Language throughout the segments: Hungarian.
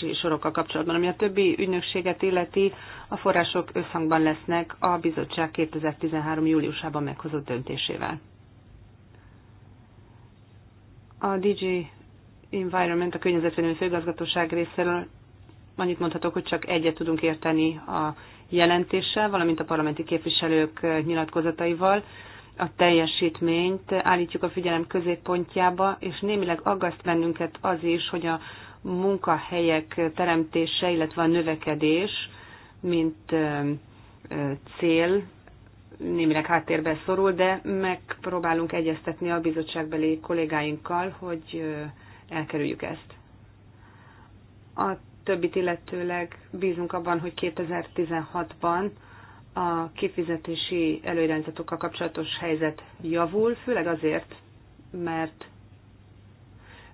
kifizetési sorokkal kapcsolatban. Ami a többi ügynökséget illeti, a források összhangban lesznek a bizottság 2013. júliusában meghozott döntésével. A DG Environment, a Környezetvédelmi Főigazgatóság részéről annyit mondhatok, hogy csak egyet tudunk érteni a jelentéssel, valamint a parlamenti képviselők nyilatkozataival. A teljesítményt állítjuk a figyelem középpontjába, és némileg aggaszt bennünket az is, hogy a munkahelyek teremtése, illetve a növekedés, mint cél némileg háttérbe szorul, de megpróbálunk egyeztetni a bizottságbeli kollégáinkkal, hogy elkerüljük ezt. A többit illetőleg bízunk abban, hogy 2016-ban a kifizetési előirányzatokkal kapcsolatos helyzet javul, főleg azért, mert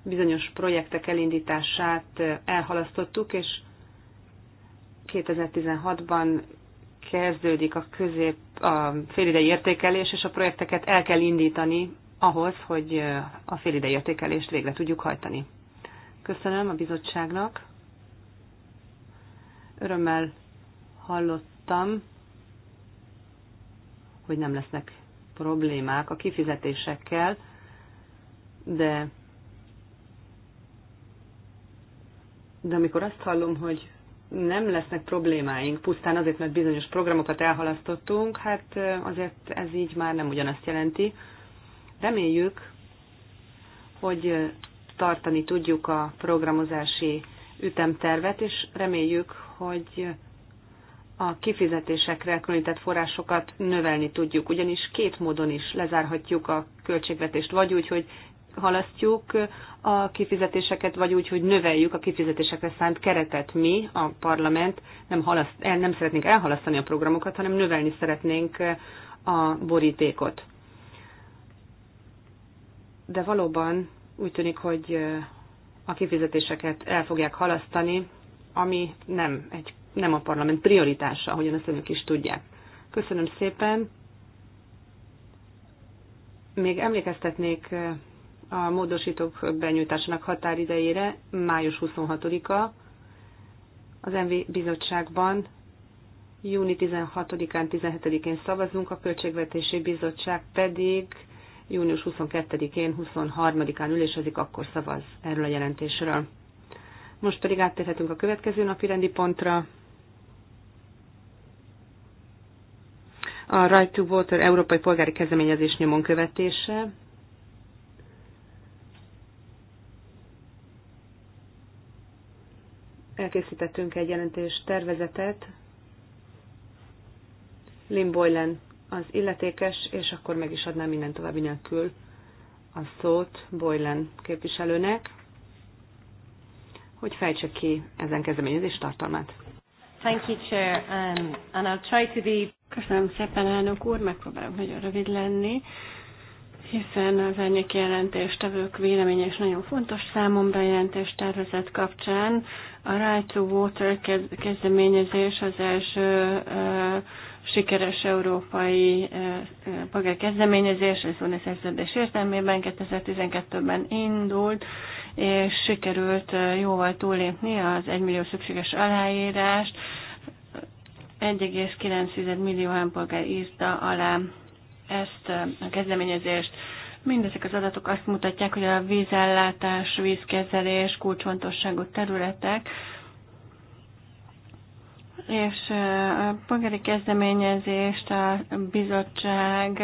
bizonyos projektek elindítását elhalasztottuk, és 2016-ban kezdődik a közép, a félidei értékelés, és a projekteket el kell indítani ahhoz, hogy a félidei értékelést végre tudjuk hajtani. Köszönöm a bizottságnak. Örömmel hallottam, hogy nem lesznek problémák a kifizetésekkel, de de amikor azt hallom, hogy nem lesznek problémáink, pusztán azért, mert bizonyos programokat elhalasztottunk, hát azért ez így már nem ugyanazt jelenti. Reméljük, hogy tartani tudjuk a programozási ütemtervet, és reméljük, hogy a kifizetésekre különített forrásokat növelni tudjuk, ugyanis két módon is lezárhatjuk a költségvetést, vagy úgy, hogy halasztjuk a kifizetéseket, vagy úgy, hogy növeljük a kifizetésekre szánt keretet mi, a parlament, nem, halaszt, el, nem szeretnénk elhalasztani a programokat, hanem növelni szeretnénk a borítékot. De valóban úgy tűnik, hogy a kifizetéseket el fogják halasztani, ami nem, egy, nem a parlament prioritása, ahogyan ezt önök is tudják. Köszönöm szépen. Még emlékeztetnék a módosítók benyújtásának határidejére, május 26-a, az MV bizottságban júni 16-án, 17-én szavazunk, a Költségvetési Bizottság pedig június 22-én, 23-án ülésezik, akkor szavaz erről a jelentésről. Most pedig áttérhetünk a következő napi rendi pontra. A Right to Water Európai Polgári Kezdeményezés nyomon követése. elkészítettünk egy jelentés tervezetet. Lynn Boylan az illetékes, és akkor meg is adnám minden további nélkül a szót Boylan képviselőnek, hogy fejtse ki ezen kezdeményezés tartalmát. Thank you, Chair, um, and I'll try to be... Köszönöm szépen, elnök úr, megpróbálok nagyon rövid lenni hiszen az árnyék jelentéstevők véleménye is nagyon fontos számomra a tervezet kapcsán. A Right to Water kezdeményezés az első sikeres európai polgár kezdeményezés, az UNI szerződés értelmében 2012-ben indult, és sikerült jóval túllépni az 1 millió szükséges aláírást. 1,9 millió állampolgár írta alá ezt a kezdeményezést. Mindezek az adatok azt mutatják, hogy a vízellátás, vízkezelés kulcsfontosságú területek, és a polgári kezdeményezést a bizottság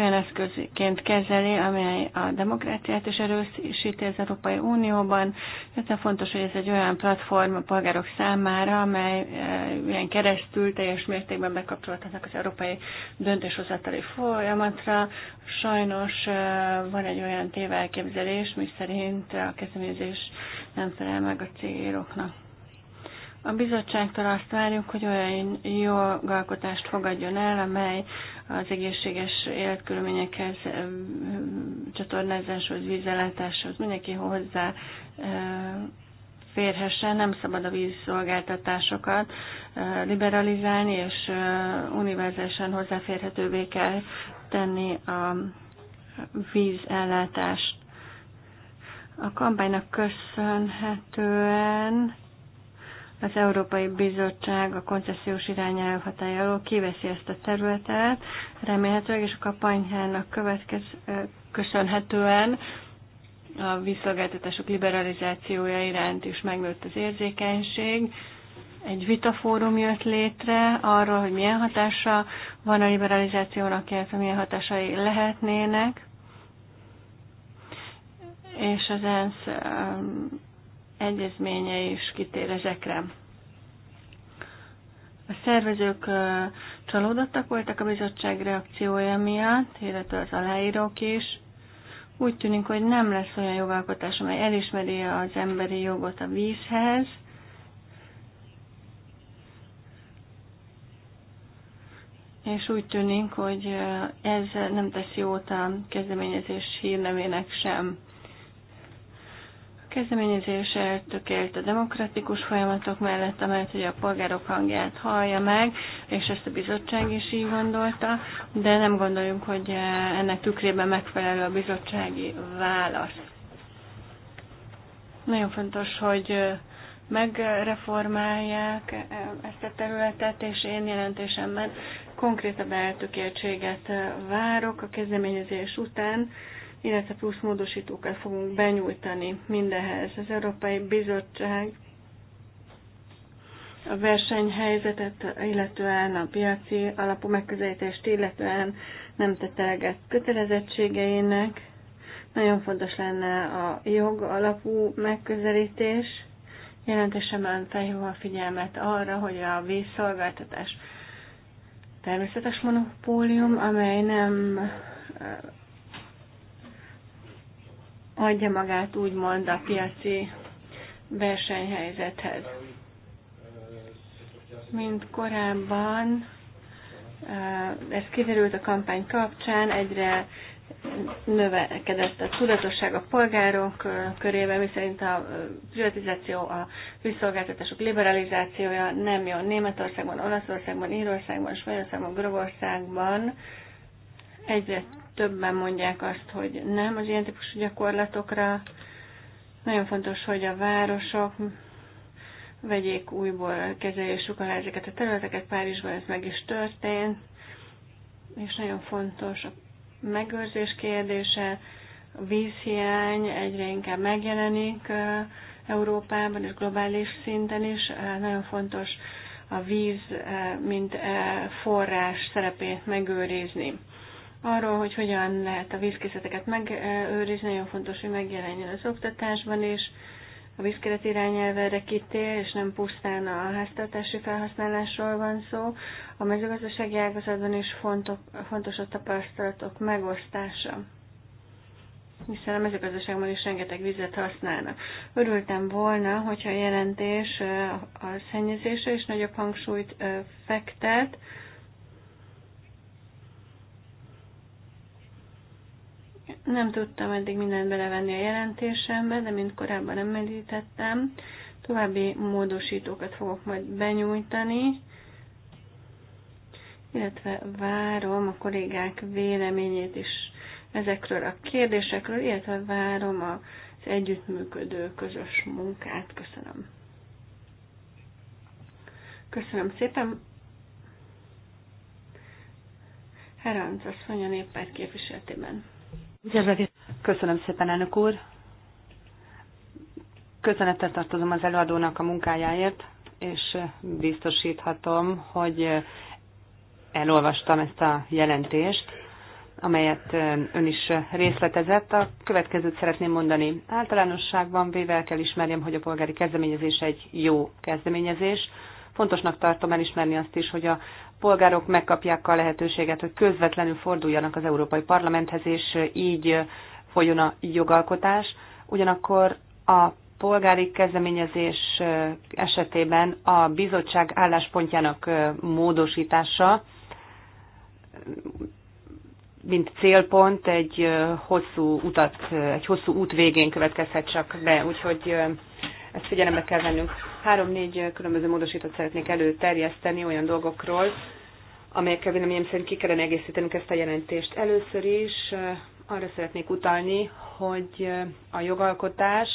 olyan eszközként kezeli, amely a demokráciát is erősíti az Európai Unióban. Nagyon fontos, hogy ez egy olyan platform a polgárok számára, amely eh, ilyen keresztül teljes mértékben bekapcsolhatnak az európai döntéshozatali folyamatra. Sajnos eh, van egy olyan tévelképzelés, mi szerint a kezdeményezés nem felel meg a céloknak. A bizottságtól azt várjuk, hogy olyan jogalkotást fogadjon el, amely az egészséges életkörülményekhez, csatornázáshoz, vízellátáshoz, mindenki hozzá férhessen, nem szabad a vízszolgáltatásokat liberalizálni, és univerzálisan hozzáférhetővé kell tenni a vízellátást. A kampánynak köszönhetően az Európai Bizottság a koncesziós irányelv hatája alól kiveszi ezt a területet, remélhetőleg, és a kapanyhának következ, köszönhetően a vízszolgáltatások liberalizációja iránt is megnőtt az érzékenység. Egy vitafórum jött létre arról, hogy milyen hatása van a liberalizációnak, illetve milyen hatásai lehetnének. És az ENSZ egyezménye is kitér ezekre. A szervezők csalódottak voltak a bizottság reakciója miatt, illetve az aláírók is. Úgy tűnik, hogy nem lesz olyan jogalkotás, amely elismeri az emberi jogot a vízhez, és úgy tűnik, hogy ez nem teszi jót a kezdeményezés hírnevének sem kezdeményezés eltökélt a demokratikus folyamatok mellett, amelyet hogy a polgárok hangját hallja meg, és ezt a bizottság is így gondolta, de nem gondoljunk, hogy eh, ennek tükrében megfelelő a bizottsági válasz. Nagyon fontos, hogy eh, megreformálják eh, ezt a területet, és én jelentésemben konkrétabb eltökéltséget várok a kezdeményezés után, illetve plusz módosítókat fogunk benyújtani mindehez. Az Európai Bizottság a versenyhelyzetet, illetően a piaci alapú megközelítést, illetően nem tette kötelezettségeinek. Nagyon fontos lenne a jog alapú megközelítés. Jelentősen felhívva a figyelmet arra, hogy a vízszolgáltatás természetes monopólium, amely nem adja magát úgymond a piaci versenyhelyzethez. Mint korábban, eh, ez kiderült a kampány kapcsán, egyre növekedett a tudatosság a polgárok eh, körében, miszerint a eh, privatizáció, a visszolgáltatások liberalizációja nem jó Németországban, Olaszországban, Írországban, Svajországban, Görögországban egyre többen mondják azt, hogy nem az ilyen típusú gyakorlatokra. Nagyon fontos, hogy a városok vegyék újból kezeljük alá ezeket a területeket. Párizsban ez meg is történt, és nagyon fontos a megőrzés kérdése, a vízhiány egyre inkább megjelenik Európában és globális szinten is. Nagyon fontos a víz, mint forrás szerepét megőrizni arról, hogy hogyan lehet a vízkészleteket megőrizni, nagyon fontos, hogy megjelenjen az oktatásban is. A vízkeret irányelvre kitér, és nem pusztán a háztartási felhasználásról van szó. A mezőgazdasági ágazatban is fontos a tapasztalatok megosztása hiszen a mezőgazdaságban is rengeteg vizet használnak. Örültem volna, hogyha a jelentés a szennyezésre is nagyobb hangsúlyt fektet, Nem tudtam eddig mindent belevenni a jelentésembe, de mint korábban említettem, további módosítókat fogok majd benyújtani, illetve várom a kollégák véleményét is ezekről a kérdésekről, illetve várom az együttműködő közös munkát. Köszönöm. Köszönöm szépen. Herenc a a néppárt képviseletében. Köszönöm szépen, elnök úr. Köszönettel tartozom az előadónak a munkájáért, és biztosíthatom, hogy elolvastam ezt a jelentést, amelyet ön is részletezett. A következőt szeretném mondani. Általánosságban véve kell ismerjem, hogy a polgári kezdeményezés egy jó kezdeményezés. Fontosnak tartom elismerni azt is, hogy a polgárok megkapják a lehetőséget, hogy közvetlenül forduljanak az Európai Parlamenthez, és így folyjon a jogalkotás. Ugyanakkor a polgári kezdeményezés esetében a bizottság álláspontjának módosítása, mint célpont egy hosszú utat, egy hosszú út végén következhet csak be, úgyhogy ezt figyelembe kell vennünk. Három-négy különböző módosítót szeretnék előterjeszteni olyan dolgokról, amelyekkel véleményem szerint ki kellene egészítenünk ezt a jelentést. Először is eh, arra szeretnék utalni, hogy eh, a jogalkotás,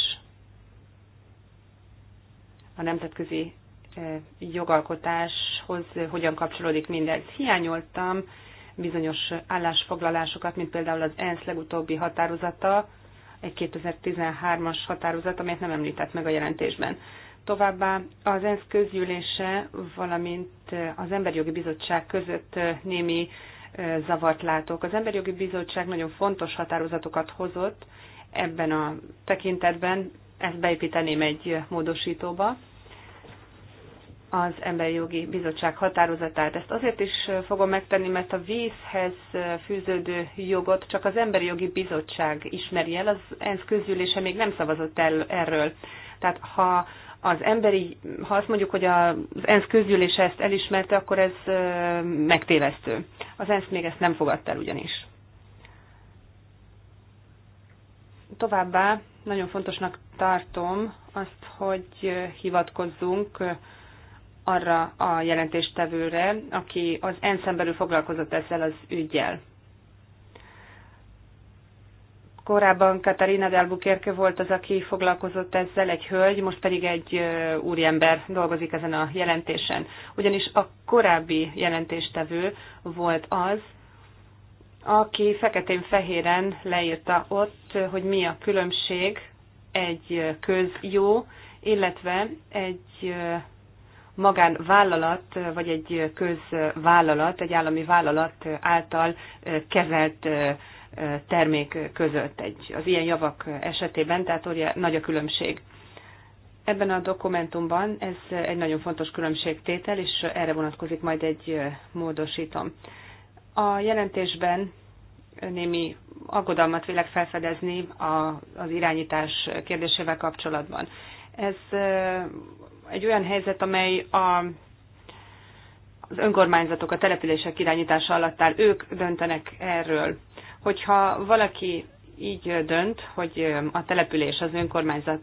a nemzetközi eh, jogalkotáshoz hogyan kapcsolódik mindez. Hiányoltam bizonyos állásfoglalásokat, mint például az ENSZ legutóbbi határozata, egy 2013-as határozat, amelyet nem említett meg a jelentésben. Továbbá az ENSZ közgyűlése, valamint az Emberjogi Bizottság között némi zavart látok. Az Emberjogi Bizottság nagyon fontos határozatokat hozott ebben a tekintetben, ezt beépíteném egy módosítóba az Emberi Jogi Bizottság határozatát. Ezt azért is fogom megtenni, mert a vízhez fűződő jogot csak az Emberi Jogi Bizottság ismeri el, az ENSZ közülése még nem szavazott el erről. Tehát ha az emberi, ha azt mondjuk, hogy az ENSZ közgyűlése ezt elismerte, akkor ez megtévesztő. Az ENSZ még ezt nem fogadta el ugyanis. Továbbá nagyon fontosnak tartom azt, hogy hivatkozzunk arra a jelentéstevőre, aki az ensz belül foglalkozott ezzel az ügyjel. Korábban Katarina de Albuquerque volt az, aki foglalkozott ezzel, egy hölgy, most pedig egy úriember dolgozik ezen a jelentésen. Ugyanis a korábbi jelentéstevő volt az, aki feketén-fehéren leírta ott, hogy mi a különbség egy közjó, illetve egy magánvállalat, vagy egy közvállalat, egy állami vállalat által kezelt termék között egy, az ilyen javak esetében, tehát ugye nagy a különbség. Ebben a dokumentumban ez egy nagyon fontos különbségtétel, és erre vonatkozik majd egy módosítom. A jelentésben némi aggodalmat vélek felfedezni az irányítás kérdésével kapcsolatban. Ez egy olyan helyzet, amely a, az önkormányzatok, a települések irányítása alatt áll, ők döntenek erről. Hogyha valaki így dönt, hogy a település, az önkormányzat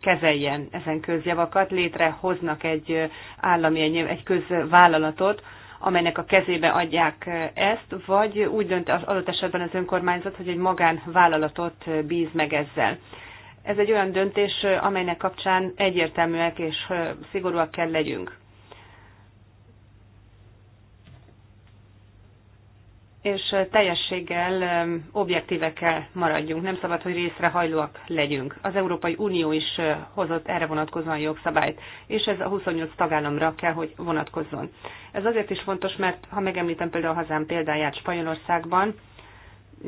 kezeljen ezen közjavakat, létrehoznak egy állami, egy közvállalatot, amelynek a kezébe adják ezt, vagy úgy dönt az adott esetben az önkormányzat, hogy egy magánvállalatot bíz meg ezzel. Ez egy olyan döntés, amelynek kapcsán egyértelműek és szigorúak kell legyünk. és teljességgel objektívekkel maradjunk. Nem szabad, hogy részrehajlóak legyünk. Az Európai Unió is hozott erre vonatkozóan jogszabályt, és ez a 28 tagállamra kell, hogy vonatkozzon. Ez azért is fontos, mert ha megemlítem például a hazám példáját Spanyolországban,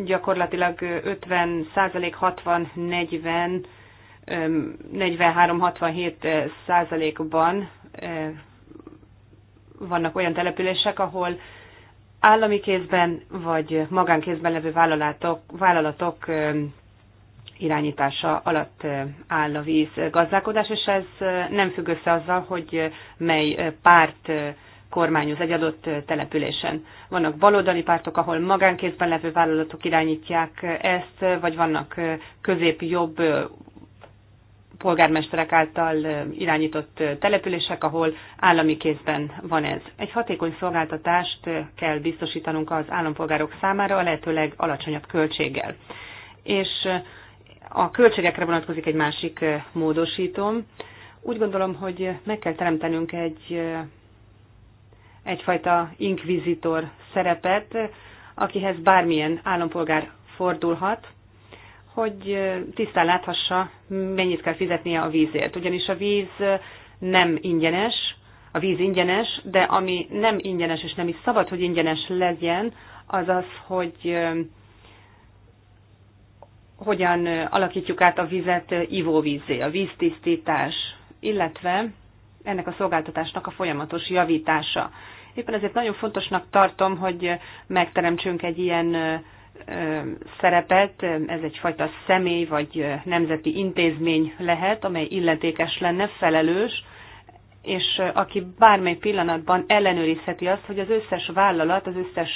gyakorlatilag 50 százalék, 60, 40, 43, 67 százalékban vannak olyan települések, ahol állami kézben vagy magánkézben levő vállalatok, vállalatok irányítása alatt áll a víz gazdálkodás, és ez nem függ össze azzal, hogy mely párt kormányoz egy adott településen. Vannak baloldali pártok, ahol magánkézben levő vállalatok irányítják ezt, vagy vannak közép-jobb polgármesterek által irányított települések, ahol állami kézben van ez. Egy hatékony szolgáltatást kell biztosítanunk az állampolgárok számára a lehetőleg alacsonyabb költséggel. És a költségekre vonatkozik egy másik módosítom. Úgy gondolom, hogy meg kell teremtenünk egy egyfajta inkvizitor szerepet, akihez bármilyen állampolgár fordulhat, hogy tisztán láthassa, mennyit kell fizetnie a vízért. Ugyanis a víz nem ingyenes, a víz ingyenes, de ami nem ingyenes és nem is szabad, hogy ingyenes legyen, az az, hogy hogyan alakítjuk át a vizet ivóvízé, a víztisztítás, illetve ennek a szolgáltatásnak a folyamatos javítása. Éppen ezért nagyon fontosnak tartom, hogy megteremtsünk egy ilyen szerepet, ez egyfajta személy vagy nemzeti intézmény lehet, amely illetékes lenne, felelős, és aki bármely pillanatban ellenőrizheti azt, hogy az összes vállalat, az összes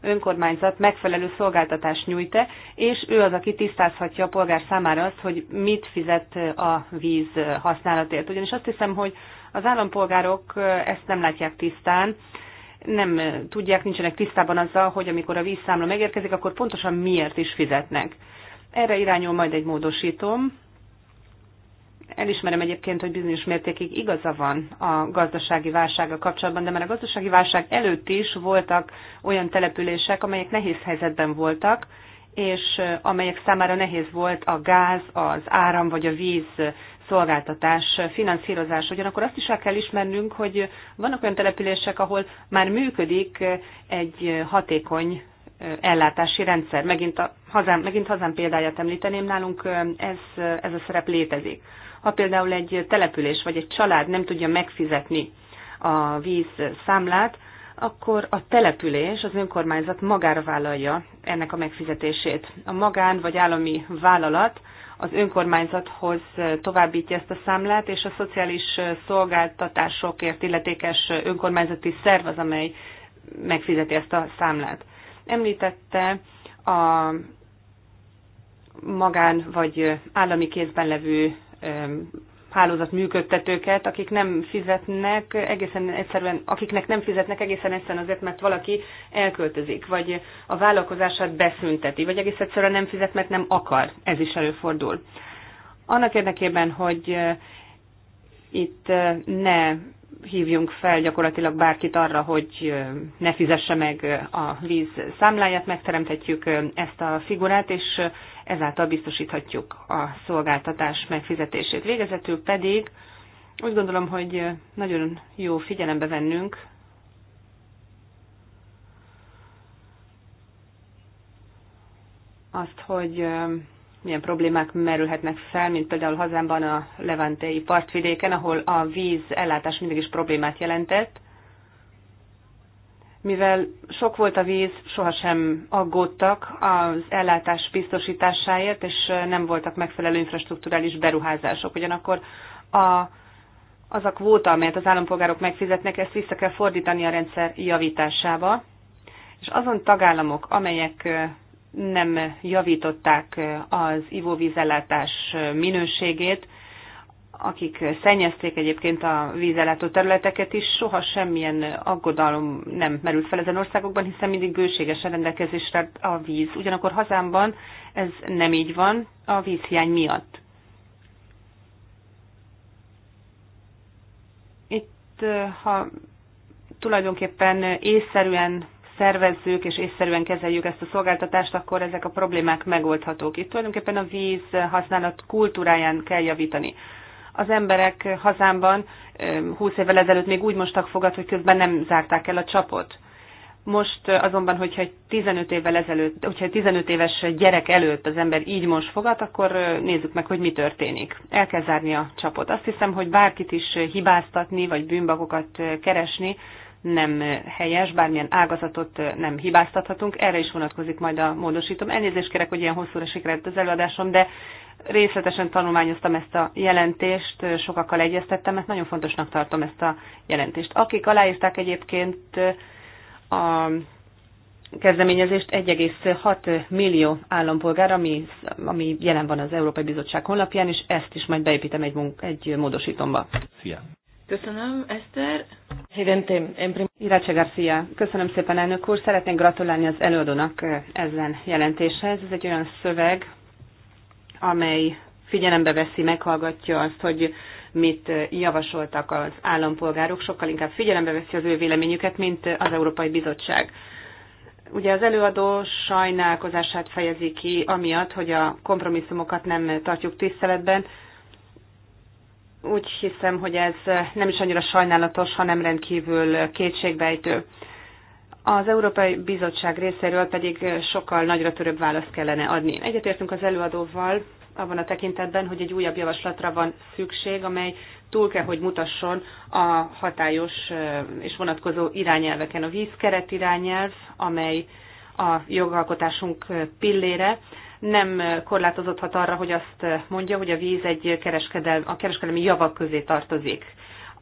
önkormányzat megfelelő szolgáltatást nyújt-e, és ő az, aki tisztázhatja a polgár számára azt, hogy mit fizet a víz használatért. Ugyanis azt hiszem, hogy az állampolgárok ezt nem látják tisztán, nem tudják, nincsenek tisztában azzal, hogy amikor a vízszámla megérkezik, akkor pontosan miért is fizetnek. Erre irányul majd egy módosítom. Elismerem egyébként, hogy bizonyos mértékig igaza van a gazdasági válsággal kapcsolatban, de már a gazdasági válság előtt is voltak olyan települések, amelyek nehéz helyzetben voltak, és amelyek számára nehéz volt a gáz, az áram vagy a víz szolgáltatás finanszírozás. Ugyanakkor azt is el kell ismernünk, hogy vannak olyan települések, ahol már működik egy hatékony ellátási rendszer. Megint, a hazám, megint hazám példáját említeném, nálunk ez, ez a szerep létezik. Ha például egy település vagy egy család nem tudja megfizetni a víz számlát, akkor a település, az önkormányzat magára vállalja ennek a megfizetését. A magán vagy állami vállalat az önkormányzathoz továbbítja ezt a számlát, és a szociális szolgáltatásokért illetékes önkormányzati szerv az, amely megfizeti ezt a számlát. Említette a magán vagy állami kézben levő hálózat működtetőket, akik nem fizetnek egészen egyszerűen, akiknek nem fizetnek egészen egyszerűen azért, mert valaki elköltözik, vagy a vállalkozását beszünteti, vagy egész egyszerűen nem fizet, mert nem akar. Ez is előfordul. Annak érdekében, hogy itt ne hívjunk fel gyakorlatilag bárkit arra, hogy ne fizesse meg a víz számláját, megteremtetjük ezt a figurát, és ezáltal biztosíthatjuk a szolgáltatás megfizetését. Végezetül pedig úgy gondolom, hogy nagyon jó figyelembe vennünk azt, hogy milyen problémák merülhetnek fel, mint például hazámban a levantei partvidéken, ahol a víz ellátás mindig is problémát jelentett, mivel sok volt a víz, sohasem aggódtak az ellátás biztosításáért, és nem voltak megfelelő infrastruktúrális beruházások. Ugyanakkor a, az a kvóta, amelyet az állampolgárok megfizetnek, ezt vissza kell fordítani a rendszer javításába, és azon tagállamok, amelyek nem javították az ivóvízellátás minőségét, akik szennyezték egyébként a vízellátó területeket is, soha semmilyen aggodalom nem merült fel ezen országokban, hiszen mindig bőségesen rendelkezésre a víz. Ugyanakkor hazámban ez nem így van a vízhiány miatt. Itt, ha tulajdonképpen észszerűen szervezzük és észszerűen kezeljük ezt a szolgáltatást, akkor ezek a problémák megoldhatók. Itt tulajdonképpen a víz használat kultúráján kell javítani az emberek hazámban húsz évvel ezelőtt még úgy mostak fogad, hogy közben nem zárták el a csapot. Most azonban, hogyha 15 évvel ezelőtt, hogyha 15 éves gyerek előtt az ember így most fogat, akkor nézzük meg, hogy mi történik. El kell zárni a csapot. Azt hiszem, hogy bárkit is hibáztatni, vagy bűnbakokat keresni, nem helyes, bármilyen ágazatot nem hibáztathatunk. Erre is vonatkozik majd a módosítom. Elnézést kérek, hogy ilyen hosszúra sikerült az előadásom, de részletesen tanulmányoztam ezt a jelentést, sokakkal egyeztettem, mert nagyon fontosnak tartom ezt a jelentést. Akik aláírták egyébként a kezdeményezést 1,6 millió állampolgár, ami, ami jelen van az Európai Bizottság honlapján, és ezt is majd beépítem egy, egy módosítomba. Szia! Köszönöm, Eszter. Irácsa Garcia, köszönöm szépen, elnök úr. Szeretnék gratulálni az előadónak eh, ezen jelentéshez. Ez egy olyan szöveg, amely figyelembe veszi, meghallgatja azt, hogy mit javasoltak az állampolgárok, sokkal inkább figyelembe veszi az ő véleményüket, mint az Európai Bizottság. Ugye az előadó sajnálkozását fejezi ki, amiatt, hogy a kompromisszumokat nem tartjuk tiszteletben. Úgy hiszem, hogy ez nem is annyira sajnálatos, hanem rendkívül kétségbejtő. Az Európai Bizottság részéről pedig sokkal nagyra törőbb választ kellene adni. Egyetértünk az előadóval abban a tekintetben, hogy egy újabb javaslatra van szükség, amely túl kell, hogy mutasson a hatályos és vonatkozó irányelveken. A vízkeret irányelv, amely a jogalkotásunk pillére, nem korlátozódhat arra, hogy azt mondja, hogy a víz egy kereskedel, a kereskedelmi javak közé tartozik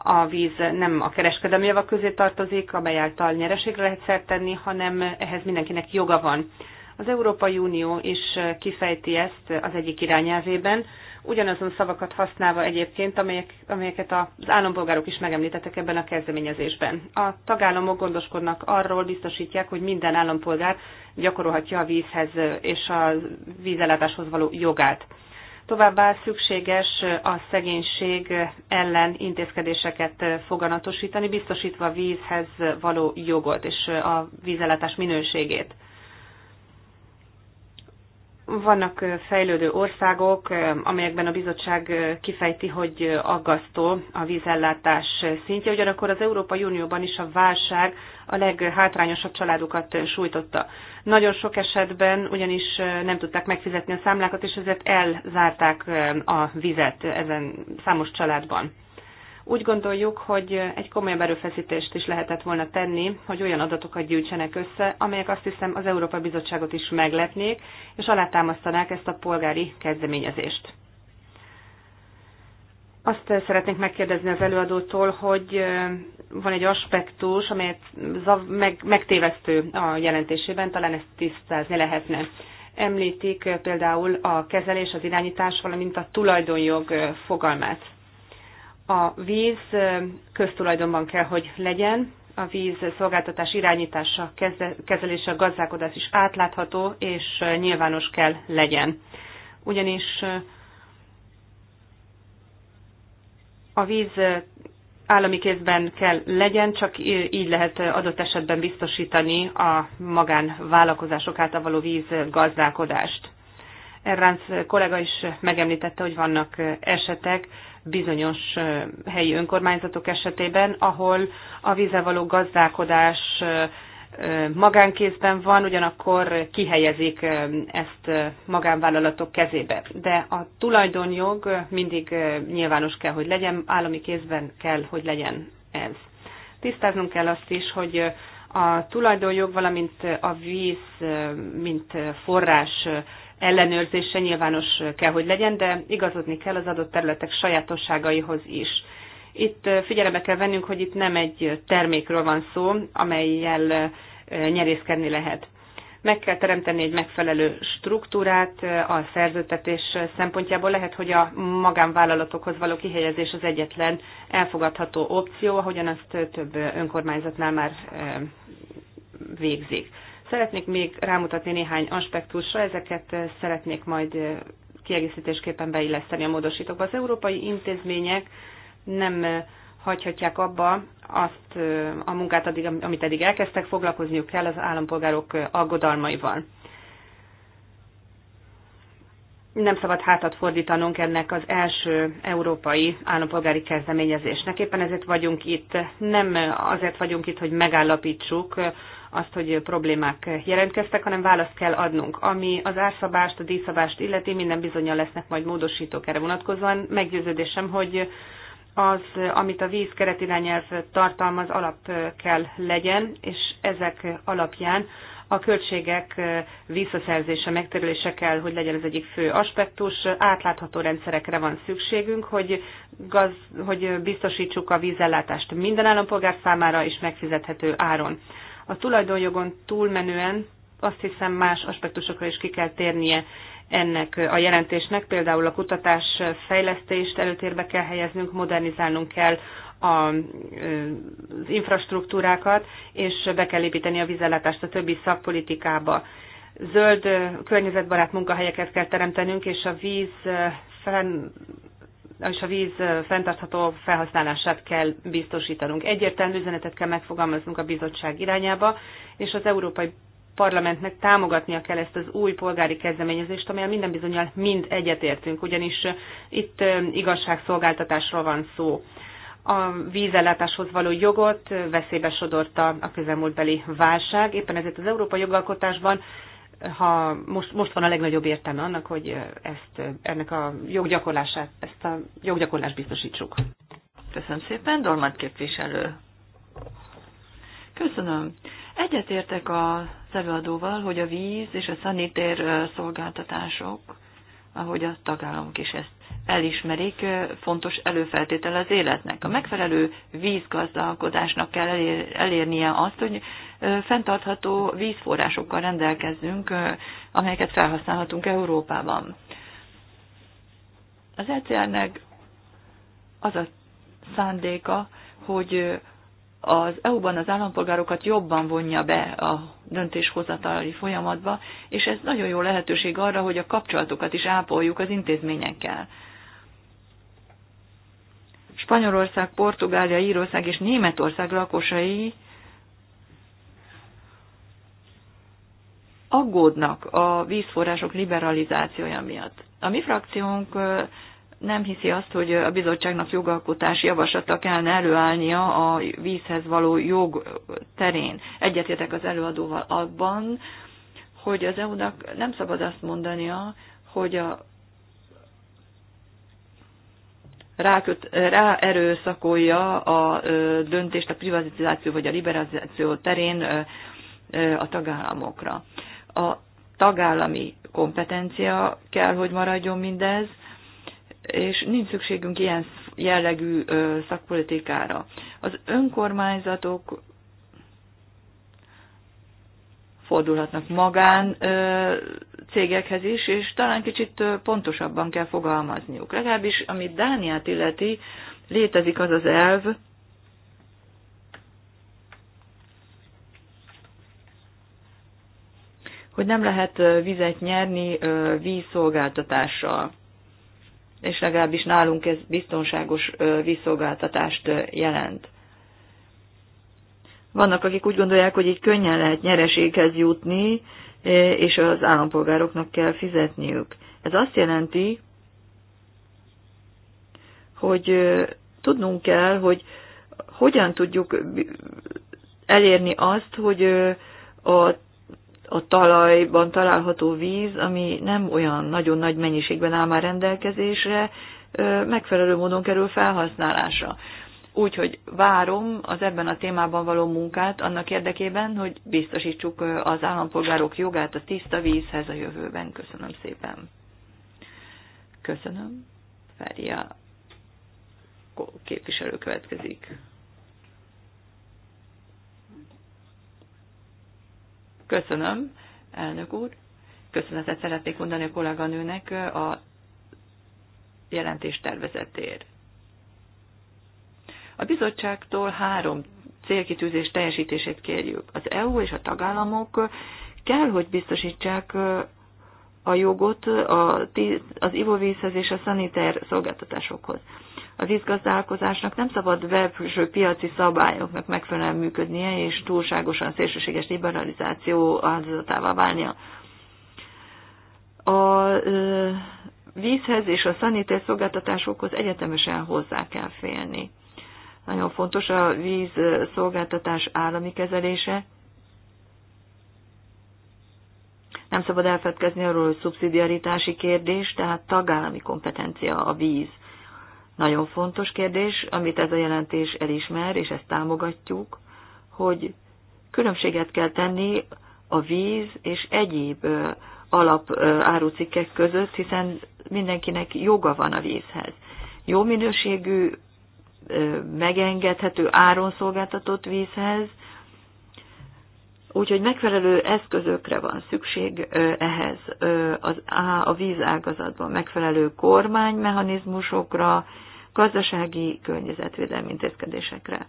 a víz nem a kereskedelmi javak közé tartozik, amely által nyereségre lehet szert tenni, hanem ehhez mindenkinek joga van. Az Európai Unió is kifejti ezt az egyik irányelvében, ugyanazon szavakat használva egyébként, amelyek, amelyeket az állampolgárok is megemlítettek ebben a kezdeményezésben. A tagállamok gondoskodnak arról, biztosítják, hogy minden állampolgár gyakorolhatja a vízhez és a vízellátáshoz való jogát. Továbbá szükséges a szegénység ellen intézkedéseket foganatosítani, biztosítva a vízhez való jogot és a vízellátás minőségét. Vannak fejlődő országok, amelyekben a bizottság kifejti, hogy aggasztó a vízellátás szintje, ugyanakkor az Európai Unióban is a válság a leghátrányosabb családokat sújtotta. Nagyon sok esetben ugyanis nem tudták megfizetni a számlákat, és ezért elzárták a vizet ezen számos családban. Úgy gondoljuk, hogy egy komolyabb erőfeszítést is lehetett volna tenni, hogy olyan adatokat gyűjtsenek össze, amelyek azt hiszem az Európa Bizottságot is meglepnék, és alátámasztanák ezt a polgári kezdeményezést. Azt eh, szeretnénk megkérdezni az előadótól, hogy eh, van egy aspektus, amelyet meg, megtévesztő a jelentésében, talán ezt tisztázni lehetne. Említik eh, például a kezelés, az irányítás, valamint a tulajdonjog fogalmát. A víz köztulajdonban kell, hogy legyen, a víz szolgáltatás irányítása, kezelése, a gazdálkodás is átlátható és nyilvános kell legyen. Ugyanis A víz állami kézben kell legyen, csak így lehet adott esetben biztosítani a magánvállalkozások által való vízgazdálkodást. Erránc kollega is megemlítette, hogy vannak esetek bizonyos helyi önkormányzatok esetében, ahol a vízzel való gazdálkodás magánkézben van, ugyanakkor kihelyezik ezt magánvállalatok kezébe. De a tulajdonjog mindig nyilvános kell, hogy legyen, állami kézben kell, hogy legyen ez. Tisztáznunk kell azt is, hogy a tulajdonjog, valamint a víz, mint forrás ellenőrzése nyilvános kell, hogy legyen, de igazodni kell az adott területek sajátosságaihoz is. Itt figyelembe kell vennünk, hogy itt nem egy termékről van szó, amelyel nyerészkedni lehet. Meg kell teremteni egy megfelelő struktúrát a szerződtetés szempontjából. Lehet, hogy a magánvállalatokhoz való kihelyezés az egyetlen elfogadható opció, ahogyan azt több önkormányzatnál már végzik. Szeretnék még rámutatni néhány aspektusra, ezeket szeretnék majd kiegészítésképpen beilleszteni a módosítókba. Az európai intézmények nem hagyhatják abba azt a munkát, addig, amit eddig elkezdtek, foglalkozniuk kell az állampolgárok aggodalmaival. Nem szabad hátat fordítanunk ennek az első európai állampolgári kezdeményezésnek. Éppen ezért vagyunk itt. Nem azért vagyunk itt, hogy megállapítsuk azt, hogy problémák jelentkeztek, hanem választ kell adnunk. Ami az árszabást, a díjszabást illeti, minden bizonyal lesznek majd módosítók erre vonatkozóan. Meggyőződésem, hogy az, amit a víz keretirányelv tartalmaz, alap kell legyen, és ezek alapján a költségek visszaszerzése, megterülése kell, hogy legyen az egyik fő aspektus. Átlátható rendszerekre van szükségünk, hogy, gaz, hogy biztosítsuk a vízellátást minden állampolgár számára és megfizethető áron. A tulajdonjogon túlmenően azt hiszem más aspektusokra is ki kell térnie ennek a jelentésnek, például a kutatás fejlesztést előtérbe kell helyeznünk, modernizálnunk kell a, az infrastruktúrákat, és be kell építeni a vízellátást a többi szakpolitikába. Zöld környezetbarát munkahelyeket kell teremtenünk, és a víz fenn és a víz fenntartható felhasználását kell biztosítanunk. Egyértelmű üzenetet kell megfogalmaznunk a bizottság irányába, és az Európai parlamentnek támogatnia kell ezt az új polgári kezdeményezést, amelyel minden bizonyal mind egyetértünk, ugyanis itt igazságszolgáltatásról van szó. A vízellátáshoz való jogot veszélybe sodorta a közelmúltbeli válság, éppen ezért az Európa jogalkotásban ha most, most van a legnagyobb értelme annak, hogy ezt, ennek a joggyakorlását, ezt a joggyakorlást biztosítsuk. Köszönöm szépen, Dolmat képviselő. Köszönöm. Egyetértek a előadóval, hogy a víz és a szanitér szolgáltatások, ahogy a tagállamok is ezt elismerik, fontos előfeltétel az életnek. A megfelelő vízgazdálkodásnak kell elérnie azt, hogy fenntartható vízforrásokkal rendelkezzünk, amelyeket felhasználhatunk Európában. Az ECR-nek az a szándéka, hogy az EU-ban az állampolgárokat jobban vonja be a döntéshozatali folyamatba, és ez nagyon jó lehetőség arra, hogy a kapcsolatokat is ápoljuk az intézményekkel. Spanyolország, Portugália, Írország és Németország lakosai aggódnak a vízforrások liberalizációja miatt. A mi frakciónk nem hiszi azt, hogy a bizottságnak jogalkotási javaslata kellene előállnia a vízhez való jog terén. Egyetértek az előadóval abban, hogy az EU-nak nem szabad azt mondania, hogy a ráköt, ráerőszakolja a döntést a privatizáció vagy a liberalizáció terén a tagállamokra. A tagállami kompetencia kell, hogy maradjon mindez, és nincs szükségünk ilyen jellegű szakpolitikára. Az önkormányzatok fordulhatnak magán cégekhez is, és talán kicsit pontosabban kell fogalmazniuk. Legalábbis, amit Dániát illeti, létezik az az elv, hogy nem lehet vizet nyerni vízszolgáltatással és legalábbis nálunk ez biztonságos visszolgáltatást jelent. Vannak, akik úgy gondolják, hogy így könnyen lehet nyereséghez jutni, és az állampolgároknak kell fizetniük. Ez azt jelenti, hogy tudnunk kell, hogy hogyan tudjuk elérni azt, hogy a a talajban található víz, ami nem olyan nagyon nagy mennyiségben áll már rendelkezésre, megfelelő módon kerül felhasználásra. Úgyhogy várom az ebben a témában való munkát annak érdekében, hogy biztosítsuk az állampolgárok jogát a tiszta vízhez a jövőben. Köszönöm szépen. Köszönöm. Feria képviselő következik. Köszönöm, elnök úr. Köszönetet szeretnék mondani a kolléganőnek a jelentés tervezetért. A bizottságtól három célkitűzés teljesítését kérjük. Az EU és a tagállamok kell, hogy biztosítsák a jogot az ivóvízhez és a szaniter szolgáltatásokhoz a vízgazdálkozásnak nem szabad belső piaci szabályoknak megfelelően működnie, és túlságosan szélsőséges liberalizáció áldozatává válnia. A vízhez és a szanitér szolgáltatásokhoz egyetemesen hozzá kell félni. Nagyon fontos a víz szolgáltatás állami kezelése. Nem szabad elfedkezni arról, hogy szubszidiaritási kérdés, tehát tagállami kompetencia a víz nagyon fontos kérdés, amit ez a jelentés elismer, és ezt támogatjuk, hogy különbséget kell tenni a víz és egyéb alap árucikkek között, hiszen mindenkinek joga van a vízhez. Jó minőségű, megengedhető áron szolgáltatott vízhez, Úgyhogy megfelelő eszközökre van szükség ehhez a vízágazatban, megfelelő kormánymechanizmusokra, gazdasági környezetvédelmi intézkedésekre.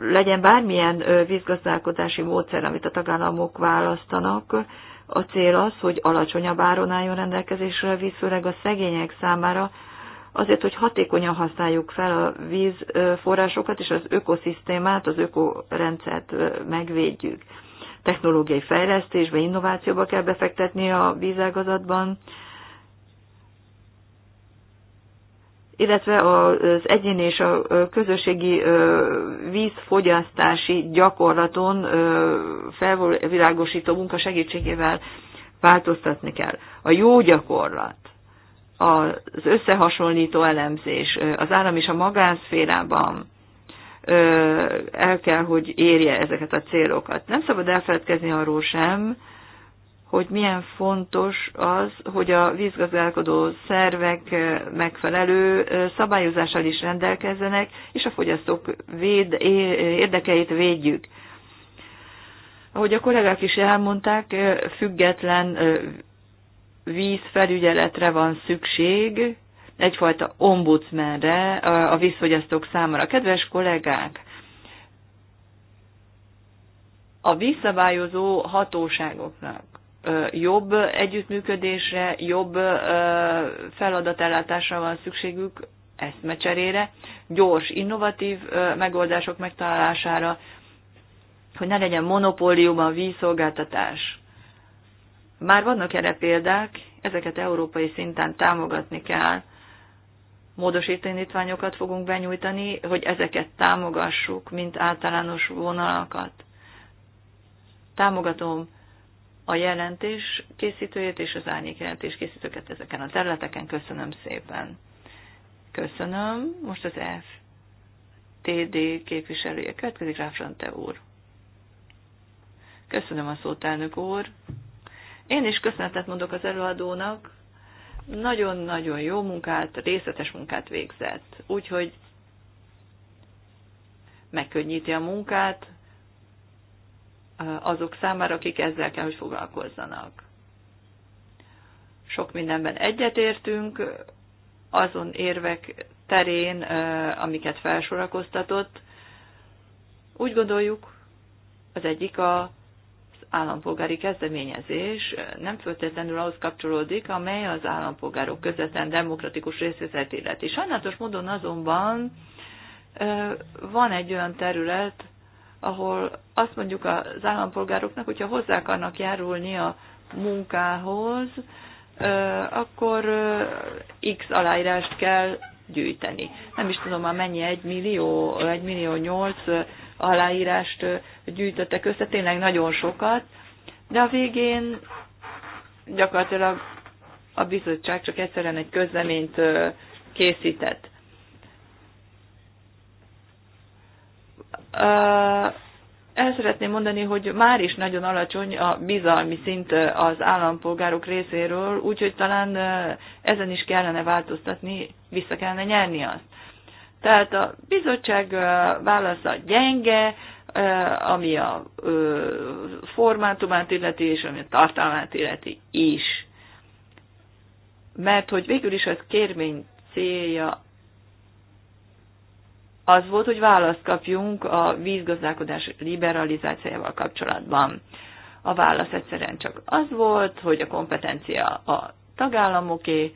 Legyen bármilyen vízgazdálkodási módszer, amit a tagállamok választanak, a cél az, hogy alacsonyabb áron álljon rendelkezésre a víz, főleg a szegények számára, azért, hogy hatékonyan használjuk fel a vízforrásokat és az ökoszisztémát, az ökorendszert megvédjük. Technológiai fejlesztésbe, innovációba kell befektetni a vízágazatban, illetve az egyén és a közösségi vízfogyasztási gyakorlaton felvilágosító munka segítségével változtatni kell. A jó gyakorlat, az összehasonlító elemzés az állam és a magánszférában el kell, hogy érje ezeket a célokat. Nem szabad elfeledkezni arról sem, hogy milyen fontos az, hogy a vízgazdálkodó szervek eh, megfelelő eh, szabályozással is rendelkezzenek, és a fogyasztók véd, érdekeit védjük. Ahogy a kollégák is elmondták, eh, független vízfelügyeletre van szükség, egyfajta ombudsmanre a vízfogyasztók számára. Kedves kollégák, a vízszabályozó hatóságoknak jobb együttműködésre, jobb feladatellátásra van szükségük, eszmecserére, gyors, innovatív megoldások megtalálására, hogy ne legyen monopólium a vízszolgáltatás. Már vannak erre példák, ezeket európai szinten támogatni kell. Módosítanítványokat fogunk benyújtani, hogy ezeket támogassuk, mint általános vonalakat. Támogatom a jelentés készítőjét és az árnyék jelentés készítőket ezeken a területeken. Köszönöm szépen. Köszönöm. Most az F. képviselője következik, Ráfrante úr. Köszönöm a szót, elnök úr. Én is köszönetet mondok az előadónak. Nagyon-nagyon jó munkát, részletes munkát végzett. Úgyhogy megkönnyíti a munkát, azok számára, akik ezzel kell, hogy foglalkozzanak. Sok mindenben egyetértünk, azon érvek terén, amiket felsorakoztatott. Úgy gondoljuk, az egyik a állampolgári kezdeményezés nem föltétlenül ahhoz kapcsolódik, amely az állampolgárok közvetlen demokratikus részvételt illeti. Sajnálatos módon azonban van egy olyan terület, ahol azt mondjuk az állampolgároknak, hogyha hozzá akarnak járulni a munkához, akkor X aláírást kell gyűjteni. Nem is tudom már mennyi, egy millió, egy millió nyolc aláírást gyűjtöttek össze, tényleg nagyon sokat, de a végén gyakorlatilag a bizottság csak egyszerűen egy közleményt készített. el szeretném mondani, hogy már is nagyon alacsony a bizalmi szint az állampolgárok részéről, úgyhogy talán ezen is kellene változtatni, vissza kellene nyerni azt. Tehát a bizottság válasza gyenge, ami a formátumát illeti, és ami a tartalmát illeti is. Mert hogy végül is az kérmény célja az volt, hogy választ kapjunk a vízgazdálkodás liberalizációjával kapcsolatban. A válasz egyszerűen csak az volt, hogy a kompetencia a tagállamoké,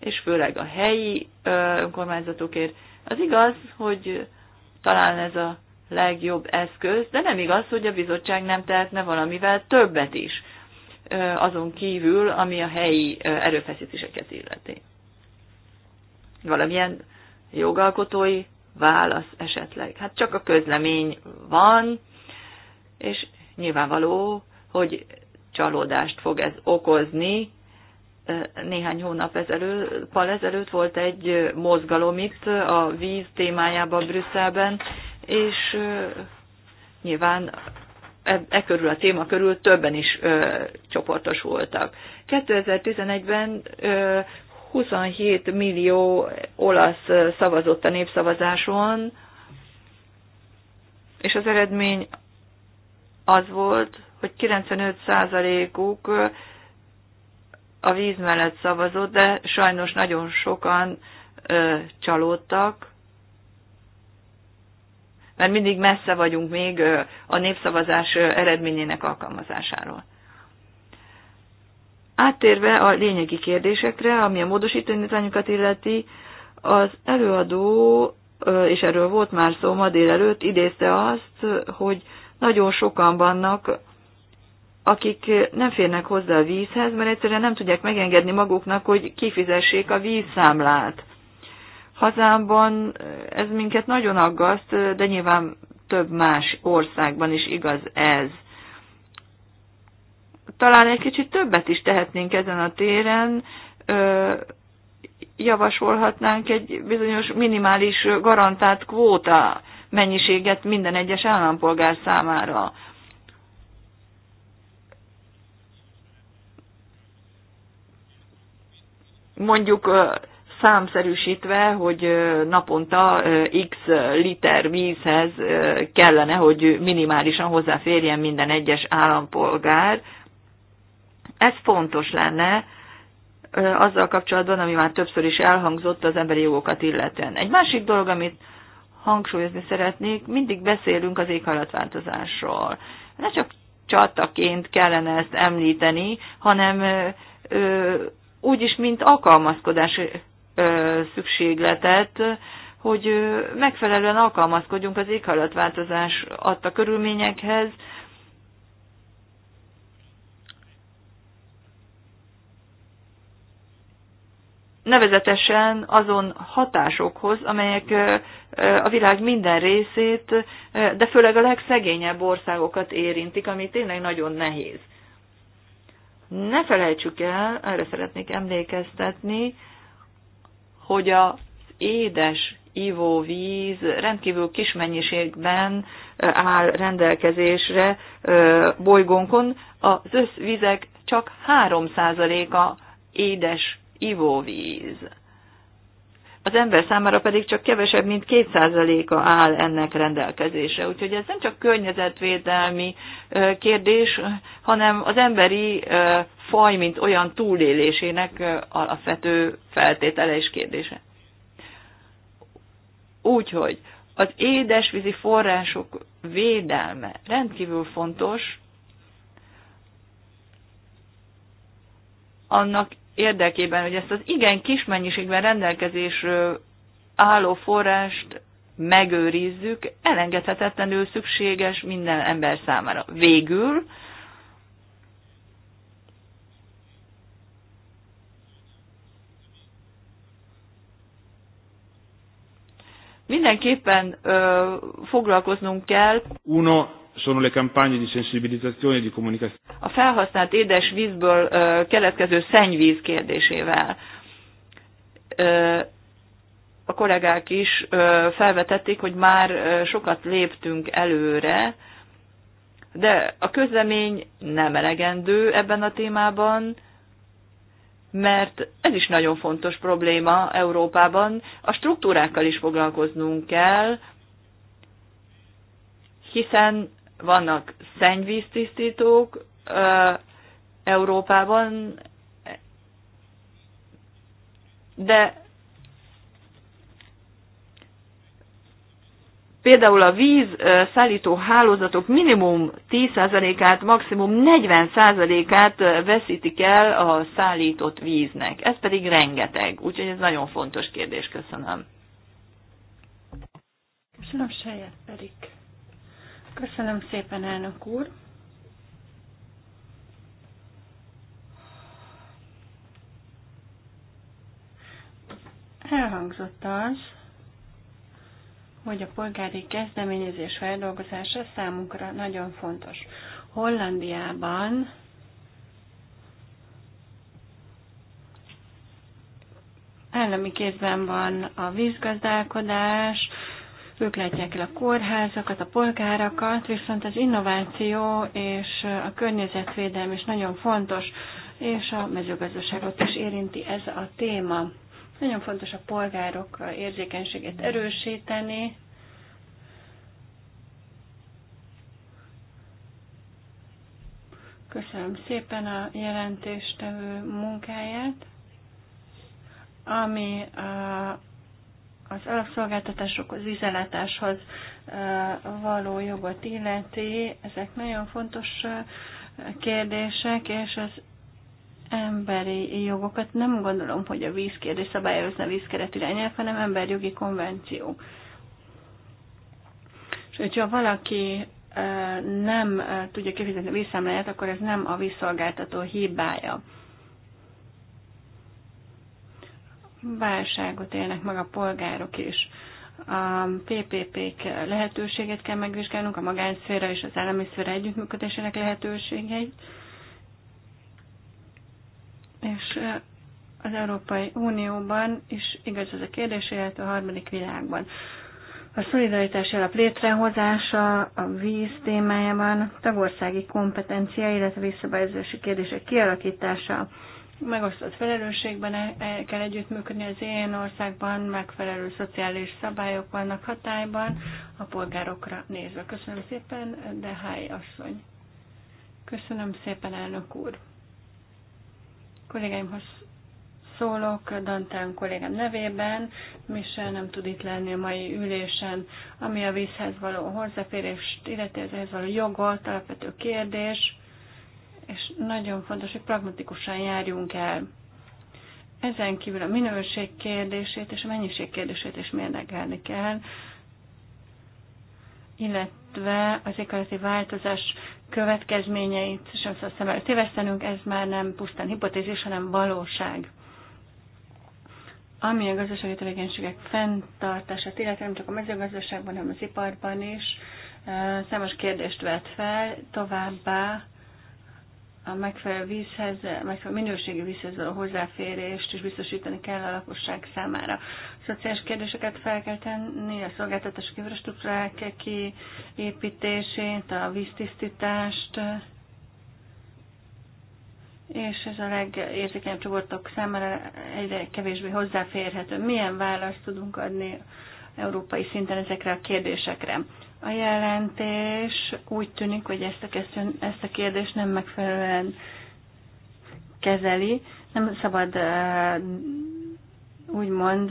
és főleg a helyi önkormányzatokért. Az igaz, hogy talán ez a legjobb eszköz, de nem igaz, hogy a bizottság nem tehetne valamivel többet is, azon kívül, ami a helyi erőfeszítéseket illeti. Valamilyen jogalkotói válasz esetleg? Hát csak a közlemény van, és nyilvánvaló, hogy csalódást fog ez okozni. Néhány hónap ezelőtt, pal ezelőtt volt egy mozgalom itt a víz témájában Brüsszelben, és nyilván e, e körül a téma körül többen is ö, csoportos voltak. 2011-ben 27 millió olasz szavazott a népszavazáson, és az eredmény az volt, hogy 95%-uk a víz mellett szavazott, de sajnos nagyon sokan ö, csalódtak, mert mindig messze vagyunk még a népszavazás eredményének alkalmazásáról. Áttérve a lényegi kérdésekre, ami a módosító indítványokat illeti, az előadó, és erről volt már szó ma délelőtt, idézte azt, hogy nagyon sokan vannak, akik nem férnek hozzá a vízhez, mert egyszerűen nem tudják megengedni maguknak, hogy kifizessék a vízszámlát. Hazámban ez minket nagyon aggaszt, de nyilván több más országban is igaz ez talán egy kicsit többet is tehetnénk ezen a téren, javasolhatnánk egy bizonyos minimális garantált kvóta mennyiséget minden egyes állampolgár számára. Mondjuk számszerűsítve, hogy naponta x liter vízhez kellene, hogy minimálisan hozzáférjen minden egyes állampolgár, ez fontos lenne azzal kapcsolatban, ami már többször is elhangzott az emberi jogokat illetően. Egy másik dolog, amit hangsúlyozni szeretnék, mindig beszélünk az éghajlatváltozásról. Ne csak csataként kellene ezt említeni, hanem ö, úgyis, mint alkalmazkodás ö, szükségletet, hogy megfelelően alkalmazkodjunk az éghajlatváltozás adta körülményekhez, nevezetesen azon hatásokhoz, amelyek a világ minden részét, de főleg a legszegényebb országokat érintik, ami tényleg nagyon nehéz. Ne felejtsük el, erre szeretnék emlékeztetni, hogy az édes ivóvíz rendkívül kis mennyiségben áll rendelkezésre bolygónkon, az összvizek csak 3%-a édes ivóvíz. Az ember számára pedig csak kevesebb, mint 2%-a áll ennek rendelkezése, Úgyhogy ez nem csak környezetvédelmi kérdés, hanem az emberi faj, mint olyan túlélésének alapvető feltétele és kérdése. Úgyhogy az édesvízi források védelme rendkívül fontos, annak érdekében, hogy ezt az igen kis mennyiségben rendelkezésről álló forrást megőrizzük, elengedhetetlenül szükséges minden ember számára. Végül mindenképpen ö, foglalkoznunk kell. Uno sono le campagne di sensibilizzazione e di comunicazione. A felhasznált édes vízből ö, keletkező szennyvíz kérdésével ö, a kollégák is ö, felvetették, hogy már ö, sokat léptünk előre, de a közlemény nem elegendő ebben a témában, mert ez is nagyon fontos probléma Európában. A struktúrákkal is foglalkoznunk kell, hiszen vannak szennyvíztisztítók Európában, de például a víz szállító hálózatok minimum 10%-át, maximum 40%-át veszítik el a szállított víznek. Ez pedig rengeteg, úgyhogy ez nagyon fontos kérdés, köszönöm. Köszönöm, Sejjel, pedig. Köszönöm szépen, elnök úr. Elhangzott az, hogy a polgári kezdeményezés feldolgozása számunkra nagyon fontos. Hollandiában állami kézben van a vízgazdálkodás, ők látják el a kórházakat, a polgárakat, viszont az innováció és a környezetvédelem is nagyon fontos, és a mezőgazdaságot is érinti ez a téma. Nagyon fontos a polgárok érzékenységét erősíteni, Köszönöm szépen a jelentéstevő munkáját, ami a az az üzeletáshoz való jogot illeti, ezek nagyon fontos kérdések, és az emberi jogokat nem gondolom, hogy a vízkérdés szabályozna vízkeret irányelv, hanem emberjogi konvenció. És hogyha valaki nem tudja kifizetni a vízszámláját, akkor ez nem a vízszolgáltató hibája. válságot élnek meg a polgárok is. A PPP-k lehetőséget kell megvizsgálnunk, a magánszféra és az állami szféra együttműködésének lehetőségeit. És az Európai Unióban is igaz ez a kérdés, illetve a harmadik világban. A szolidaritás alap létrehozása a víz témájában tagországi kompetencia, illetve visszabályozási kérdések kialakítása megosztott felelősségben e- e- kell együttműködni. Az én országban megfelelő szociális szabályok vannak hatályban a polgárokra nézve. Köszönöm szépen, de háj asszony. Köszönöm szépen, elnök úr. Kollégáimhoz szólok Dantán kollégám nevében, Michel nem tud itt lenni a mai ülésen, ami a vízhez való hozzáférést, illetve ehhez való jogot, alapvető kérdés és nagyon fontos, hogy pragmatikusan járjunk el. Ezen kívül a minőség kérdését és a mennyiség kérdését is mérlegelni kell, illetve az éghajlati változás következményeit sem szabad szem előtt tévesztenünk, ez már nem pusztán hipotézis, hanem valóság. Ami a gazdasági tevékenységek fenntartását illetve nem csak a mezőgazdaságban, hanem az iparban is, eh, számos kérdést vet fel, továbbá a megfelelő vízhez, megfelelő minőségi vízhez való hozzáférést is biztosítani kell a lakosság számára. A szociális kérdéseket fel kell tenni, a szolgáltatások infrastruktúrák kiépítését, a víztisztítást, és ez a legérzékenyebb csoportok számára egyre kevésbé hozzáférhető. Milyen választ tudunk adni európai szinten ezekre a kérdésekre? A jelentés úgy tűnik, hogy ezt a, kesztyön, ezt a kérdést nem megfelelően kezeli. Nem szabad úgymond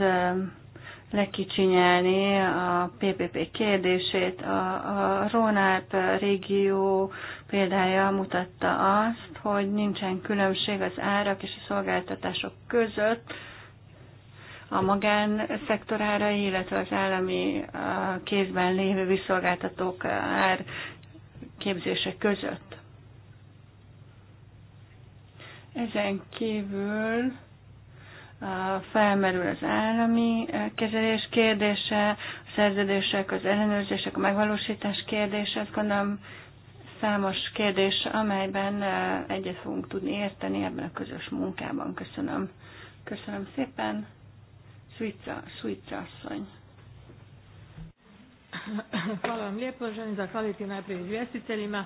lekicsinyelni a PPP kérdését. A, a Rónáp régió példája mutatta azt, hogy nincsen különbség az árak és a szolgáltatások között, a magán szektorára, illetve az állami kézben lévő visszolgáltatók ár képzése között. Ezen kívül felmerül az állami e, kezelés kérdése, a szerződések, az ellenőrzések, a megvalósítás kérdése, azt gondolom számos kérdés, amelyben e, egyet fogunk tudni érteni ebben a közös munkában. Köszönöm. Köszönöm szépen. Svica, Svica asszony. Hvala vam lijepo, želim zahvaliti najprije izvjestiteljima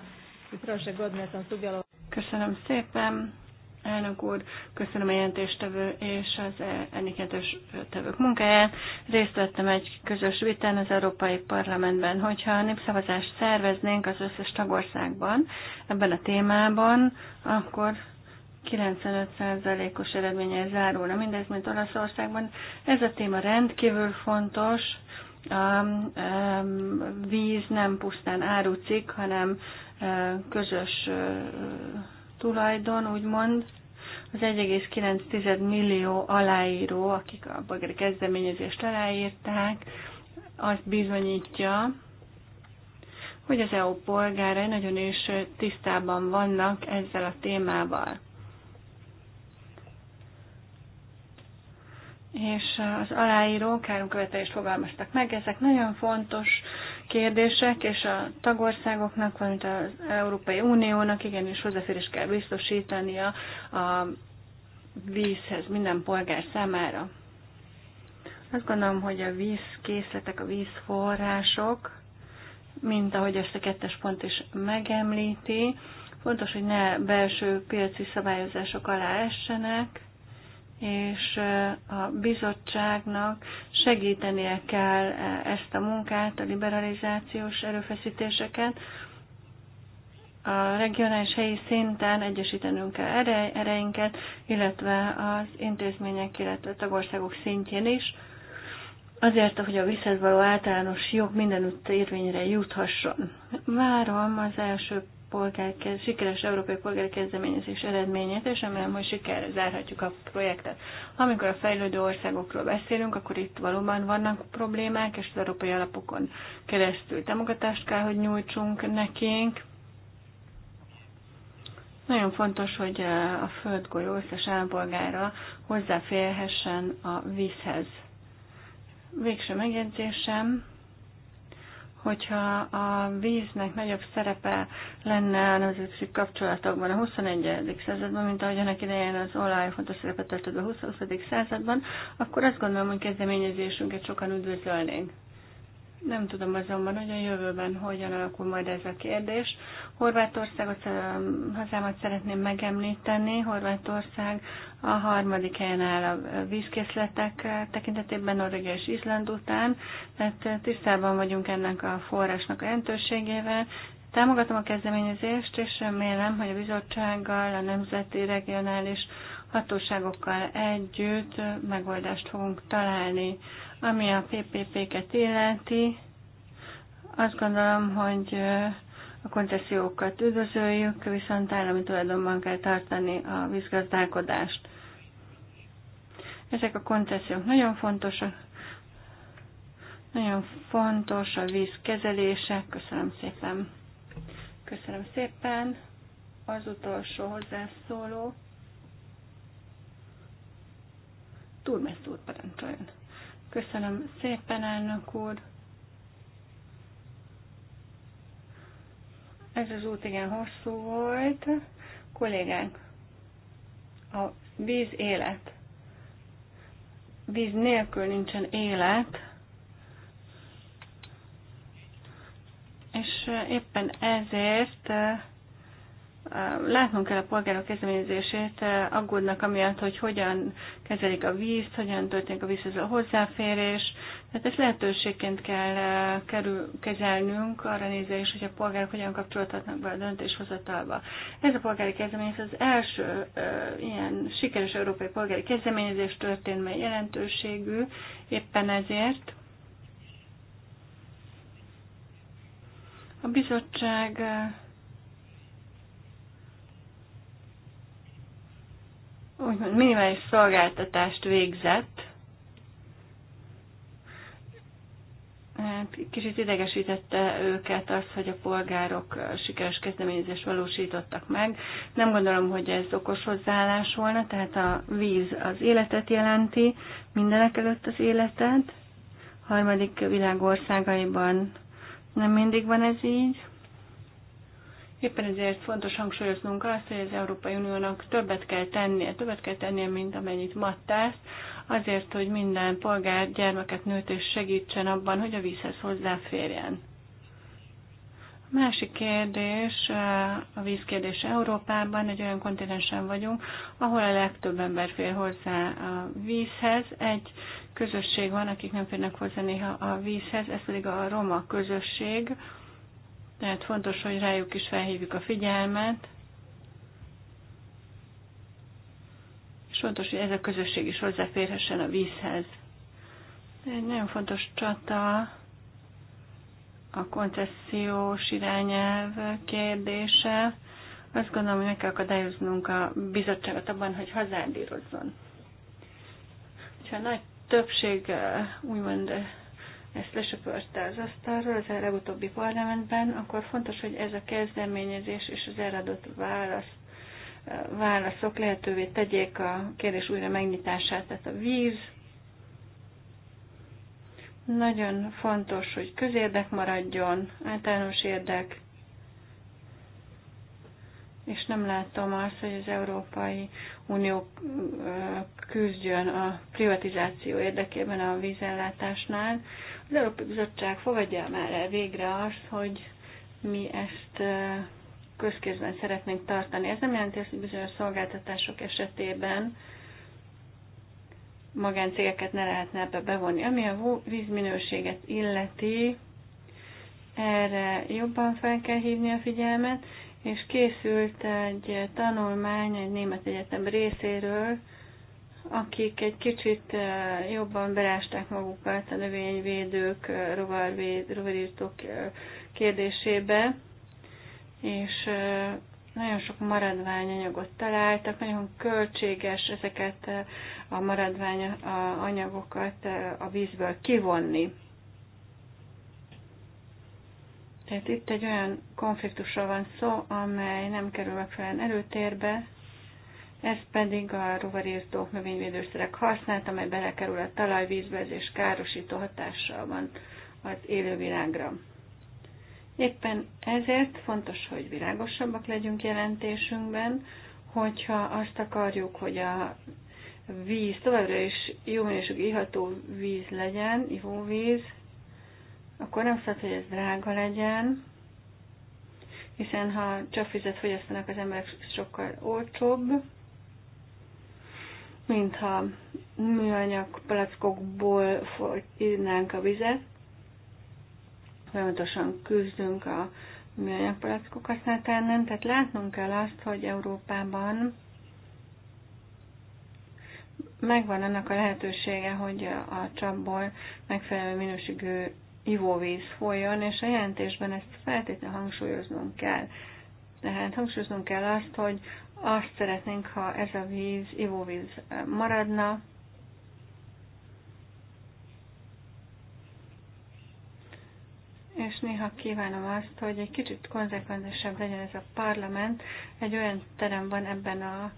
i prošle godine sam sudjelovala. Köszönöm szépen, elnök úr, köszönöm a jelentéstevő és az ennikentős tevők munkáját. Részt vettem egy közös vitán az Európai Parlamentben, hogyha a népszavazást szerveznénk az összes tagországban ebben a témában, akkor 95%-os eredménye zárulna. Mindez, mint Olaszországban. Ez a téma rendkívül fontos. A víz nem pusztán árucik, hanem e, közös e, tulajdon, úgymond. Az 1,9 millió aláíró, akik a bagri kezdeményezést aláírták, azt bizonyítja, hogy az EU polgárai nagyon is tisztában vannak ezzel a témával. és az aláírók három fogalmaztak meg. Ezek nagyon fontos kérdések, és a tagországoknak, valamint az Európai Uniónak igenis hozzáférés kell biztosítania a vízhez minden polgár számára. Azt gondolom, hogy a vízkészletek, a vízforrások, mint ahogy ezt a kettes pont is megemlíti, fontos, hogy ne belső piaci szabályozások alá essenek, és a bizottságnak segítenie kell ezt a munkát, a liberalizációs erőfeszítéseket. A regionális helyi szinten egyesítenünk kell ereinket, illetve az intézmények, illetve a tagországok szintjén is, azért, hogy a visszatvaló általános jog mindenütt érvényre juthasson. Várom az első polgárkez, sikeres európai polgári kezdeményezés eredményét, és remélem, hogy sikerre zárhatjuk a projektet. Amikor a fejlődő országokról beszélünk, akkor itt valóban vannak problémák, és az európai alapokon keresztül támogatást kell, hogy nyújtsunk nekünk. Nagyon fontos, hogy eh, a földgolyó összes állampolgára hozzáférhessen a vízhez. Végső megjegyzésem, hogyha a víznek nagyobb szerepe lenne a nemzetközi kapcsolatokban a 21. században, mint ahogy annak idején az olaj fontos szerepet töltött a 20. században, akkor azt gondolom, hogy kezdeményezésünket sokan üdvözölnénk. Nem tudom azonban, hogy a jövőben hogyan alakul majd ez a kérdés. Horvátországot, hazámat szeretném megemlíteni. Horvátország a harmadik helyen áll a vízkészletek tekintetében Norvégia és Izland után, tehát tisztában vagyunk ennek a forrásnak a jelentőségével. Támogatom a kezdeményezést, és remélem, hogy a bizottsággal, a nemzeti, regionális hatóságokkal együtt megoldást fogunk találni ami a PPP-ket illeti, azt gondolom, hogy a koncesziókat üdvözöljük, viszont állami tulajdonban kell tartani a vízgazdálkodást. Ezek a koncesziók nagyon fontosak, nagyon fontos a víz kezelése. Köszönöm szépen. Köszönöm szépen. Az utolsó hozzászóló. Túrmesztúr parancsoljon. Köszönöm szépen, elnök úr. Ez az út igen hosszú volt. Kollégánk, a víz élet. Víz nélkül nincsen élet. És éppen ezért látnunk kell a polgárok kezdeményezését, aggódnak amiatt, hogy hogyan kezelik a vízt, hogyan történik a vízhez a hozzáférés. Tehát ezt lehetőségként kell eh, kerül, kezelnünk, arra nézve is, hogy a polgárok hogyan kapcsolódhatnak be a döntéshozatalba. Ez a polgári kezdeményezés az első eh, ilyen sikeres európai polgári kezdeményezés történt, mely jelentőségű, éppen ezért a bizottság eh, úgymond minimális szolgáltatást végzett. Hát, kicsit idegesítette őket az, hogy a polgárok sikeres kezdeményezést valósítottak meg. Nem gondolom, hogy ez okos hozzáállás volna, tehát a víz az életet jelenti, mindenek előtt az életet. Harmadik világországaiban nem mindig van ez így. Éppen ezért fontos hangsúlyoznunk azt, hogy az Európai Uniónak többet kell tennie, többet kell tennie, mint amennyit ma tesz, azért, hogy minden polgár, gyermeket, nőt és segítsen abban, hogy a vízhez hozzáférjen. A másik kérdés, eh, a vízkérdés Európában, egy olyan kontinensen vagyunk, ahol a legtöbb ember fér hozzá a vízhez. Egy közösség van, akik nem férnek hozzá néha a vízhez, ez pedig a roma közösség, tehát fontos, hogy rájuk is felhívjuk a figyelmet, és fontos, hogy ez a közösség is hozzáférhessen a vízhez. Egy nagyon fontos csata a koncesziós irányelv kérdése. Azt gondolom, hogy meg kell akadályoznunk a bizottságot abban, hogy hazárdírozzon. Ha nagy többség eh, úgymond eh, ezt lesöpörte az asztalról az erre utóbbi parlamentben, akkor fontos, hogy ez a kezdeményezés és az erre adott válasz, válaszok lehetővé tegyék a kérdés újra megnyitását, tehát a víz. Nagyon fontos, hogy közérdek maradjon, általános érdek, és nem látom azt, hogy az Európai Unió küzdjön a privatizáció érdekében a vízellátásnál. Az Európai Bizottság fogadja már el végre azt, hogy mi ezt közkézben szeretnénk tartani. Ez nem jelenti azt, hogy bizonyos szolgáltatások esetében magáncégeket ne lehetne ebbe bevonni. Ami a vízminőséget illeti, erre jobban fel kell hívni a figyelmet, és készült egy tanulmány egy német egyetem részéről, akik egy kicsit jobban belásták magukat a növényvédők, rovarírtók kérdésébe, és nagyon sok maradványanyagot találtak, nagyon költséges ezeket a maradványanyagokat a vízből kivonni. Tehát itt egy olyan konfliktusról van szó, amely nem kerül megfelelően előtérbe, ez pedig a rovarírtó növényvédőszerek használt, amely belekerül a talajvízbe, és károsító hatással van az élővilágra. Éppen ezért fontos, hogy világosabbak legyünk jelentésünkben, hogyha azt akarjuk, hogy a víz továbbra is jó minőségű iható víz legyen, ivóvíz, akkor nem szabad, hogy ez drága legyen, hiszen ha csak fogyasztanak, az emberek sokkal olcsóbb, mintha műanyag palackokból fogyinánk a vizet. Folyamatosan küzdünk a műanyag palackok használatán, tehát látnunk kell azt, hogy Európában megvan annak a lehetősége, hogy a csapból megfelelő minőségű ivóvíz folyjon, és a jelentésben ezt feltétlenül hangsúlyoznunk kell. Tehát hangsúlyoznunk kell azt, hogy azt szeretnénk, ha ez a víz, ivóvíz maradna, és néha kívánom azt, hogy egy kicsit konzekvensebb legyen ez a parlament. Egy olyan terem van ebben a,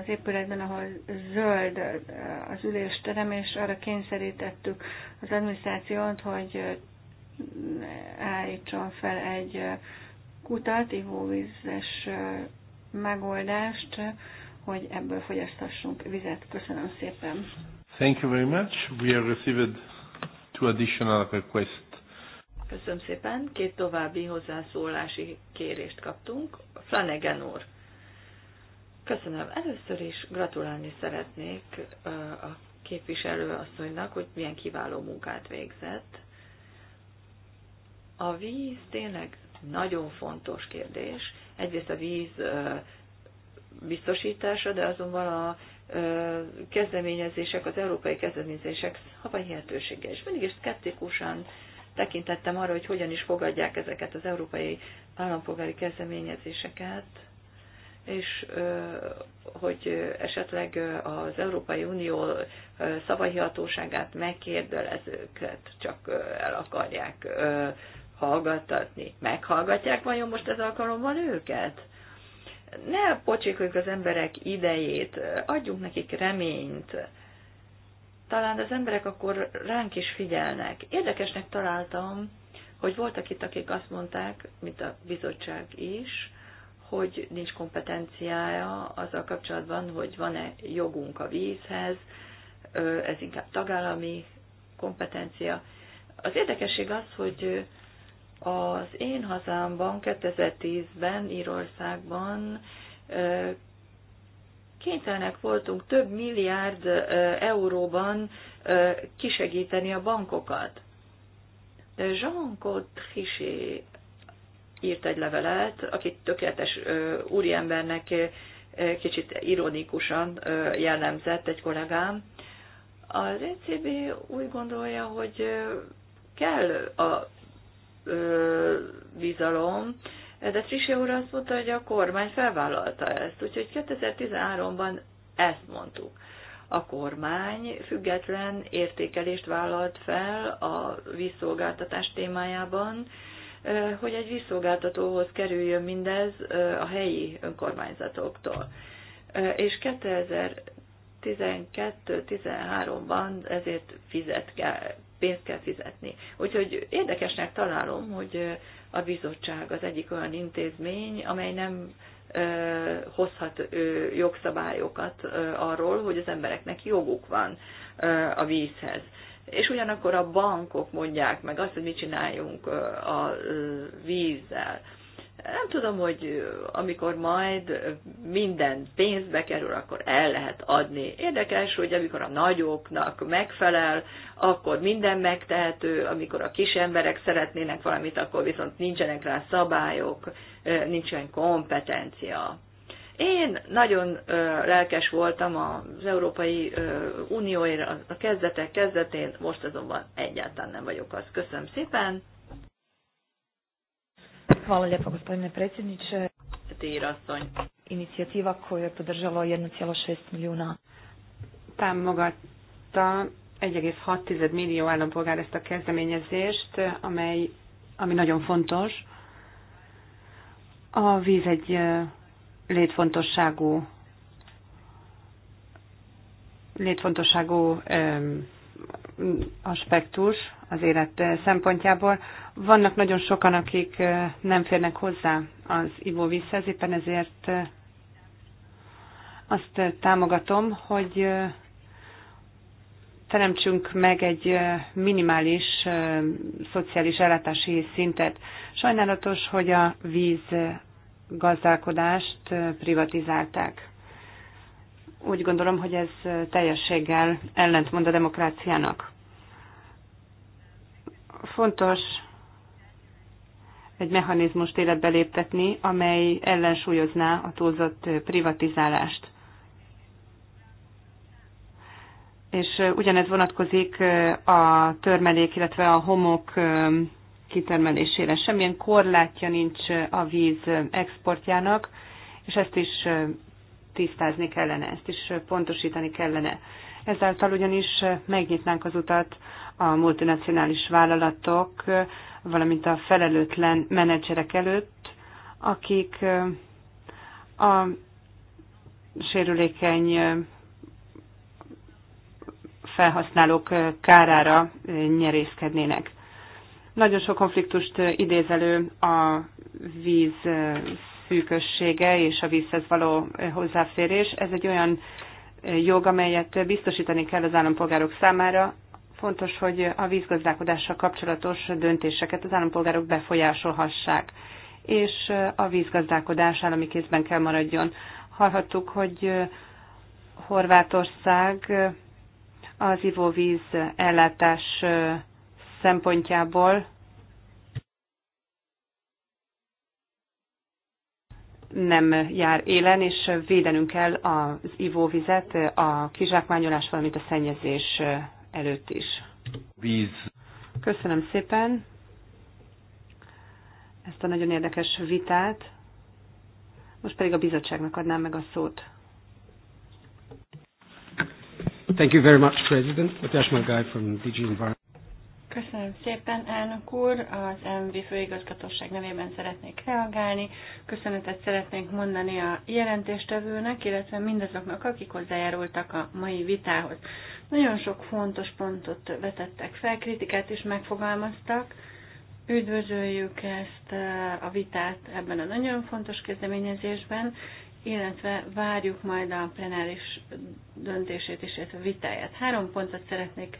az épületben, ahol zöld az ülésterem, és arra kényszerítettük az adminisztrációt, hogy állítson fel egy kutat, ivóvízes megoldást, hogy ebből fogyasztassunk vizet. Köszönöm szépen. Thank you very much. We have received two additional requests. Köszönöm szépen. Két további hozzászólási kérést kaptunk. Flanagan úr. Köszönöm. Először is gratulálni szeretnék a képviselő asszonynak, hogy milyen kiváló munkát végzett. A víz tényleg nagyon fontos kérdés, egyrészt a víz biztosítása, de azonban a kezdeményezések, az európai kezdeményezések havai jelentősége. És mindig is szkeptikusan tekintettem arra, hogy hogyan is fogadják ezeket az európai állampolgári kezdeményezéseket, és hogy esetleg az Európai Unió szavahihatóságát megkérdelezőket hát csak el akarják hallgattatni. Meghallgatják vajon most ez alkalommal őket? Ne pocsékoljuk az emberek idejét, adjunk nekik reményt. Talán az emberek akkor ránk is figyelnek. Érdekesnek találtam, hogy voltak itt, akik azt mondták, mint a bizottság is, hogy nincs kompetenciája azzal kapcsolatban, hogy van-e jogunk a vízhez, ez inkább tagállami kompetencia. Az érdekesség az, hogy az én hazámban 2010-ben Írországban kénytelenek voltunk több milliárd euróban kisegíteni a bankokat. De Jean-Claude Trichet írt egy levelet, akit tökéletes úriembernek kicsit ironikusan jellemzett egy kollégám. Az ECB úgy gondolja, hogy kell a bizalom, de Trisi úr azt mondta, hogy a kormány felvállalta ezt, úgyhogy 2013-ban ezt mondtuk. A kormány független értékelést vállalt fel a vízszolgáltatás témájában, hogy egy vízszolgáltatóhoz kerüljön mindez a helyi önkormányzatoktól. És 2012-13-ban ezért fizet pénzt kell fizetni. Úgyhogy érdekesnek találom, hogy a bizottság az egyik olyan intézmény, amely nem hozhat jogszabályokat arról, hogy az embereknek joguk van a vízhez. És ugyanakkor a bankok mondják meg azt, hogy mit csináljunk a vízzel. Nem tudom, hogy amikor majd minden pénzbe kerül, akkor el lehet adni. Érdekes, hogy amikor a nagyoknak megfelel, akkor minden megtehető, amikor a kis emberek szeretnének valamit, akkor viszont nincsenek rá szabályok, nincsen kompetencia. Én nagyon lelkes voltam az Európai Unióért a kezdetek kezdetén, most azonban egyáltalán nem vagyok az. Köszönöm szépen! Hvala lijepo gospodine predsjedniče. Inicijativa koju je podržalo 1,6 milijuna. Támogatta 1,6 millió állampolgár ezt a kezdeményezést, amely, ami nagyon fontos. A víz egy létfontosságú létfontosságú aspektus, az élet szempontjából. Vannak nagyon sokan, akik nem férnek hozzá az ivóvízhez, éppen ezért azt támogatom, hogy teremtsünk meg egy minimális szociális ellátási szintet. Sajnálatos, hogy a víz gazdálkodást privatizálták. Úgy gondolom, hogy ez teljességgel ellentmond a demokráciának. Fontos egy mechanizmust életbe léptetni, amely ellensúlyozná a túlzott privatizálást. És ugyanez vonatkozik a törmelék, illetve a homok kitermelésére. Semmilyen korlátja nincs a víz exportjának, és ezt is tisztázni kellene, ezt is pontosítani kellene. Ezáltal ugyanis megnyitnánk az utat a multinacionális vállalatok, valamint a felelőtlen menedzserek előtt, akik a sérülékeny felhasználók kárára nyerészkednének. Nagyon sok konfliktust idéz elő a víz szűkössége és a vízhez való hozzáférés. Ez egy olyan jog, amelyet biztosítani kell az állampolgárok számára, Fontos, hogy a vízgazdálkodással kapcsolatos döntéseket az állampolgárok befolyásolhassák, és a vízgazdálkodás állami kézben kell maradjon. Hallhattuk, hogy Horvátország az ivóvíz ellátás szempontjából nem jár élen, és védenünk kell az ivóvizet a kizsákmányolás, valamint a szennyezés előtt is. Víz. Köszönöm szépen ezt a nagyon érdekes vitát. Most pedig a bizottságnak adnám meg a szót. Thank you very much, President. Atash Magai from DG Environment. Köszönöm szépen, elnök úr. Az MV főigazgatóság nevében szeretnék reagálni. Köszönetet szeretnénk mondani a jelentéstevőnek, illetve mindazoknak, akik hozzájárultak a mai vitához. Nagyon sok fontos pontot vetettek fel, kritikát is megfogalmaztak. Üdvözöljük ezt eh, a vitát ebben a nagyon fontos kezdeményezésben, illetve várjuk majd a plenáris döntését is, illetve vitáját. Három pontot szeretnék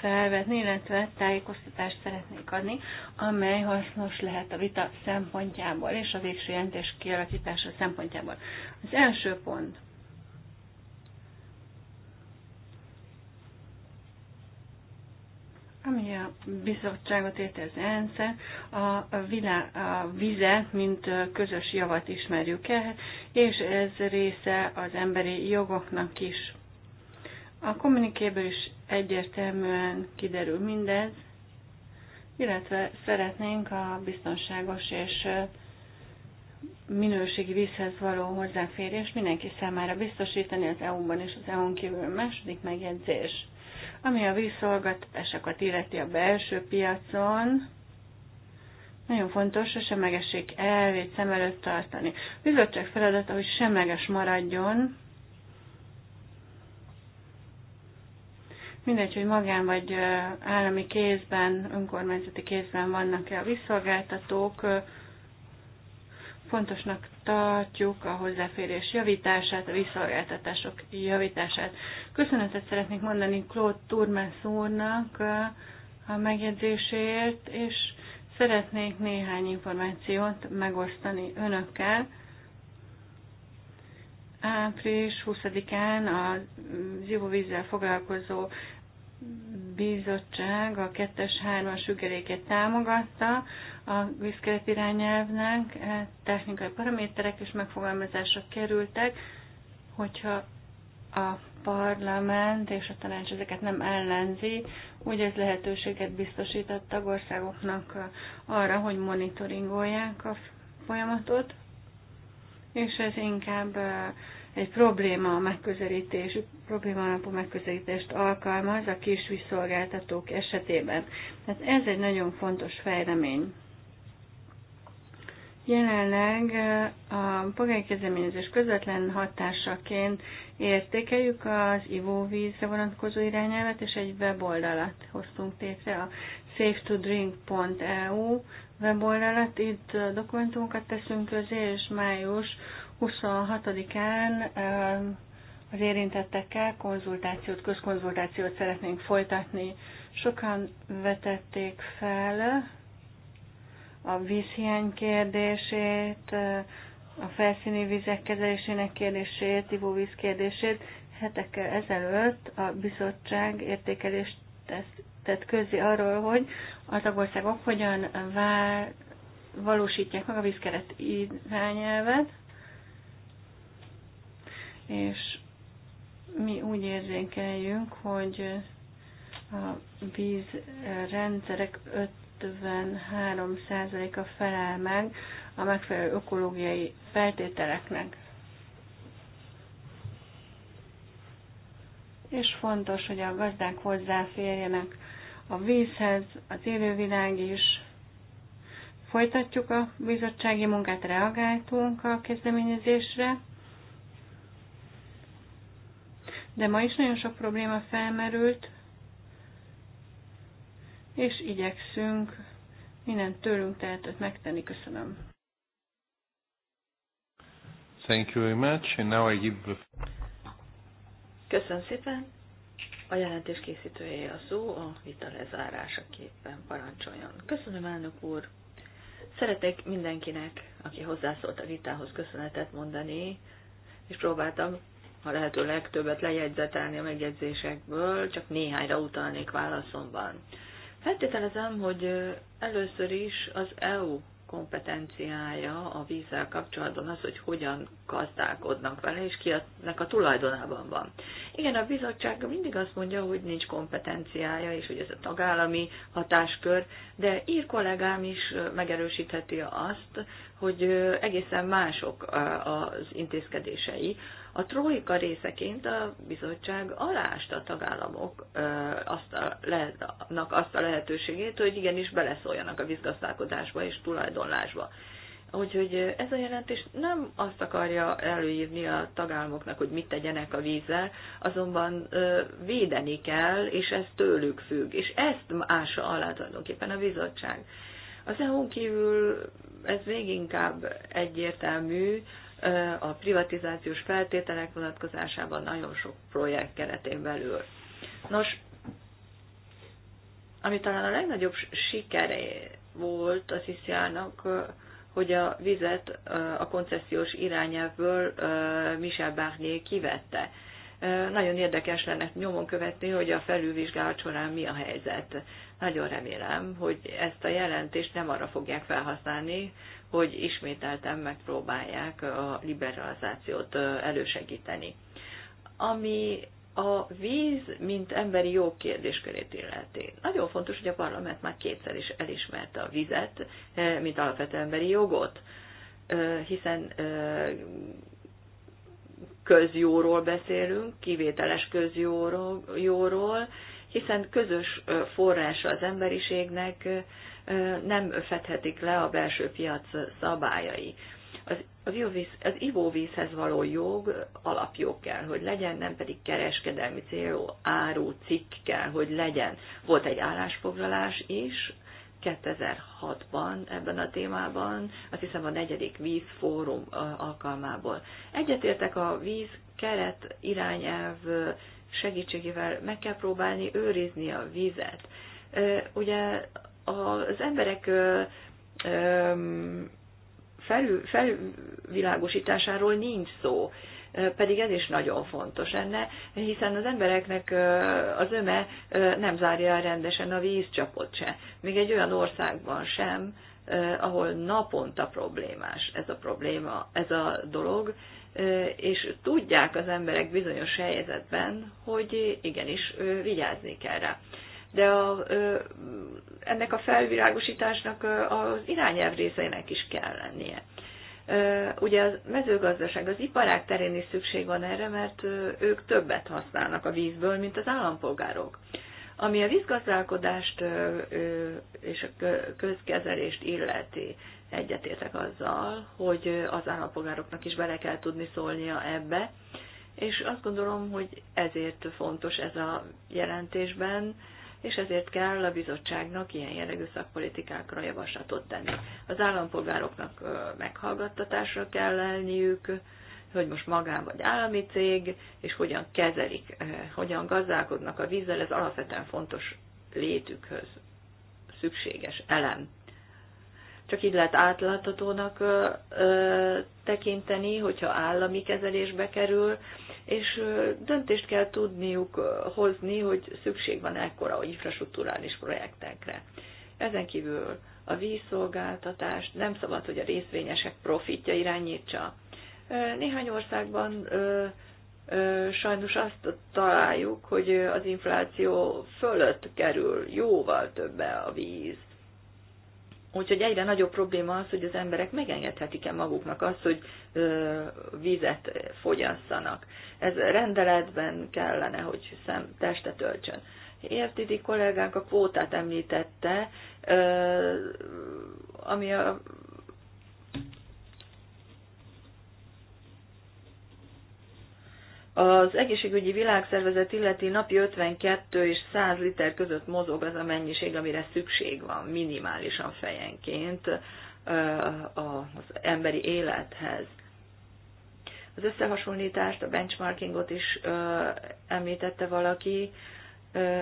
felvetni, illetve tájékoztatást szeretnék adni, amely hasznos lehet a vita szempontjából és a végső jelentés kialakítása szempontjából. Az első pont – Ami a bizottságot érte az ensz a, vilá, a vize, mint közös javat ismerjük el, és ez része az emberi jogoknak is. A kommunikéből is egyértelműen kiderül mindez, illetve szeretnénk a biztonságos és minőségi vízhez való hozzáférés mindenki számára biztosítani az EU-ban és az EU-n kívül. Második megjegyzés. Ami a vízszolgáltatásokat illeti a belső piacon, nagyon fontos a semlegesség elvét szem előtt tartani. A bizottság feladata, hogy semleges maradjon, mindegy, hogy magán vagy állami kézben, önkormányzati kézben vannak-e a visszolgáltatók, fontosnak tartjuk a hozzáférés javítását, a visszolgáltatások javítását. Köszönetet szeretnék mondani Claude Turmes úrnak a megjegyzéséért, és szeretnék néhány információt megosztani önökkel. Április 20-án a zivóvízzel foglalkozó bizottság a 2 3-as sügelékét támogatta a vízkeret irányelvnek, technikai paraméterek is megfogalmazásra kerültek, hogyha a parlament és a tanács ezeket nem ellenzi, úgy ez lehetőséget biztosít a tagországoknak arra, hogy monitoringolják a folyamatot, és ez inkább egy probléma a megközelítés, probléma alapú megközelítést alkalmaz a kis visszolgáltatók esetében. Tehát ez egy nagyon fontos fejlemény. Jelenleg eh, a polgári kezdeményezés közvetlen hatásaként értékeljük az ivóvízre vonatkozó irányelvet, és egy weboldalat hoztunk létre, a safetodrink.eu weboldalat. Itt eh, dokumentumokat teszünk közé, és május 26-án az érintettekkel konzultációt, közkonzultációt szeretnénk folytatni. Sokan vetették fel a vízhiány kérdését, a felszíni vizek kezelésének kérdését, ivóvíz kérdését. Hetekkel ezelőtt a bizottság értékelést tett közé arról, hogy a tagországok hogyan vál, valósítják meg a vízkeret irányelvet, és mi úgy érzékeljünk, hogy a vízrendszerek 53%-a felel meg a megfelelő ökológiai feltételeknek. És fontos, hogy a gazdák hozzáférjenek a vízhez, az élővilág is. Folytatjuk a bizottsági munkát, reagáltunk a kezdeményezésre de ma is nagyon sok probléma felmerült, és igyekszünk mindent tőlünk tehetőt megtenni. Köszönöm. Thank you very much, and now I give the... Köszönöm szépen. A jelentés készítője a szó a vita lezárásaképpen parancsoljon. Köszönöm, elnök úr. Szeretek mindenkinek, aki hozzászólt a vitához, köszönetet mondani, és próbáltam a lehető legtöbbet lejegyzetelni a megjegyzésekből, csak néhányra utalnék válaszomban. Feltételezem, hogy először is az EU kompetenciája a vízzel kapcsolatban az, hogy hogyan gazdálkodnak vele, és ki a tulajdonában van. Igen, a bizottság mindig azt mondja, hogy nincs kompetenciája, és hogy ez a tagállami hatáskör, de ír kollégám is megerősítheti azt, hogy egészen mások az intézkedései a trójka részeként a bizottság alást a tagállamok azt a, lehetnak azt a lehetőségét, hogy igenis beleszóljanak a vízgazdálkodásba és tulajdonlásba. Úgyhogy ez a jelentés nem azt akarja előírni a tagállamoknak, hogy mit tegyenek a vízzel, azonban védeni kell, és ez tőlük függ. És ezt ássa alá tulajdonképpen a bizottság. Az EU-n kívül ez még inkább egyértelmű, a privatizációs feltételek vonatkozásában nagyon sok projekt keretén belül. Nos, ami talán a legnagyobb sikere volt az Sziszjának, hogy a vizet a koncesziós irányelvből Michel Barnier kivette. Nagyon érdekes lenne nyomon követni, hogy a felülvizsgálat során mi a helyzet. Nagyon remélem, hogy ezt a jelentést nem arra fogják felhasználni, hogy ismételten megpróbálják a liberalizációt elősegíteni. Ami a víz, mint emberi jog kérdéskörét illeti. Nagyon fontos, hogy a parlament már kétszer is elismerte a vizet, mint alapvető emberi jogot, hiszen közjóról beszélünk, kivételes közjóról, jóról, hiszen közös forrása az emberiségnek, nem fedhetik le a belső piac szabályai. Az, az, ivóvíz, az ivóvízhez való jog alapjog kell, hogy legyen, nem pedig kereskedelmi célú áru cikk kell, hogy legyen. Volt egy állásfoglalás is 2006-ban ebben a témában, azt hiszem a negyedik vízfórum alkalmából. Egyetértek a víz keret irányelv segítségével meg kell próbálni őrizni a vizet. Ugye az emberek felül, felvilágosításáról nincs szó, pedig ez is nagyon fontos enne, hiszen az embereknek az öme nem zárja el rendesen a vízcsapot se. Még egy olyan országban sem, ahol naponta problémás ez a probléma, ez a dolog, és tudják az emberek bizonyos helyzetben, hogy igenis vigyázni kell rá de a, ennek a felvilágosításnak az irányelv részeinek is kell lennie. Ugye a mezőgazdaság, az iparák terén is szükség van erre, mert ők többet használnak a vízből, mint az állampolgárok. Ami a vízgazdálkodást és a közkezelést illeti, egyetértek azzal, hogy az állampolgároknak is bele kell tudni szólnia ebbe, és azt gondolom, hogy ezért fontos ez a jelentésben, és ezért kell a bizottságnak ilyen jellegű szakpolitikákra javaslatot tenni. Az állampolgároknak meghallgattatásra kell lenniük, hogy most magán vagy állami cég, és hogyan kezelik, hogyan gazdálkodnak a vízzel, ez alapvetően fontos létükhöz szükséges elem. Csak így lehet átláthatónak tekinteni, hogyha állami kezelésbe kerül, és döntést kell tudniuk hozni, hogy szükség van ekkora infrastruktúrális projektekre. Ezen kívül a vízszolgáltatást nem szabad, hogy a részvényesek profitja irányítsa. Néhány országban sajnos azt találjuk, hogy az infláció fölött kerül jóval többe a víz. Úgyhogy egyre nagyobb probléma az, hogy az emberek megengedhetik-e maguknak azt, hogy ö, vizet fogyasszanak. Ez rendeletben kellene, hogy szem teste töltsön. Értidi kollégánk a kvótát említette, ö, ami a Az egészségügyi világszervezet illeti napi 52 és 100 liter között mozog az a mennyiség, amire szükség van minimálisan fejenként az emberi élethez. Az összehasonlítást, a benchmarkingot is említette valaki,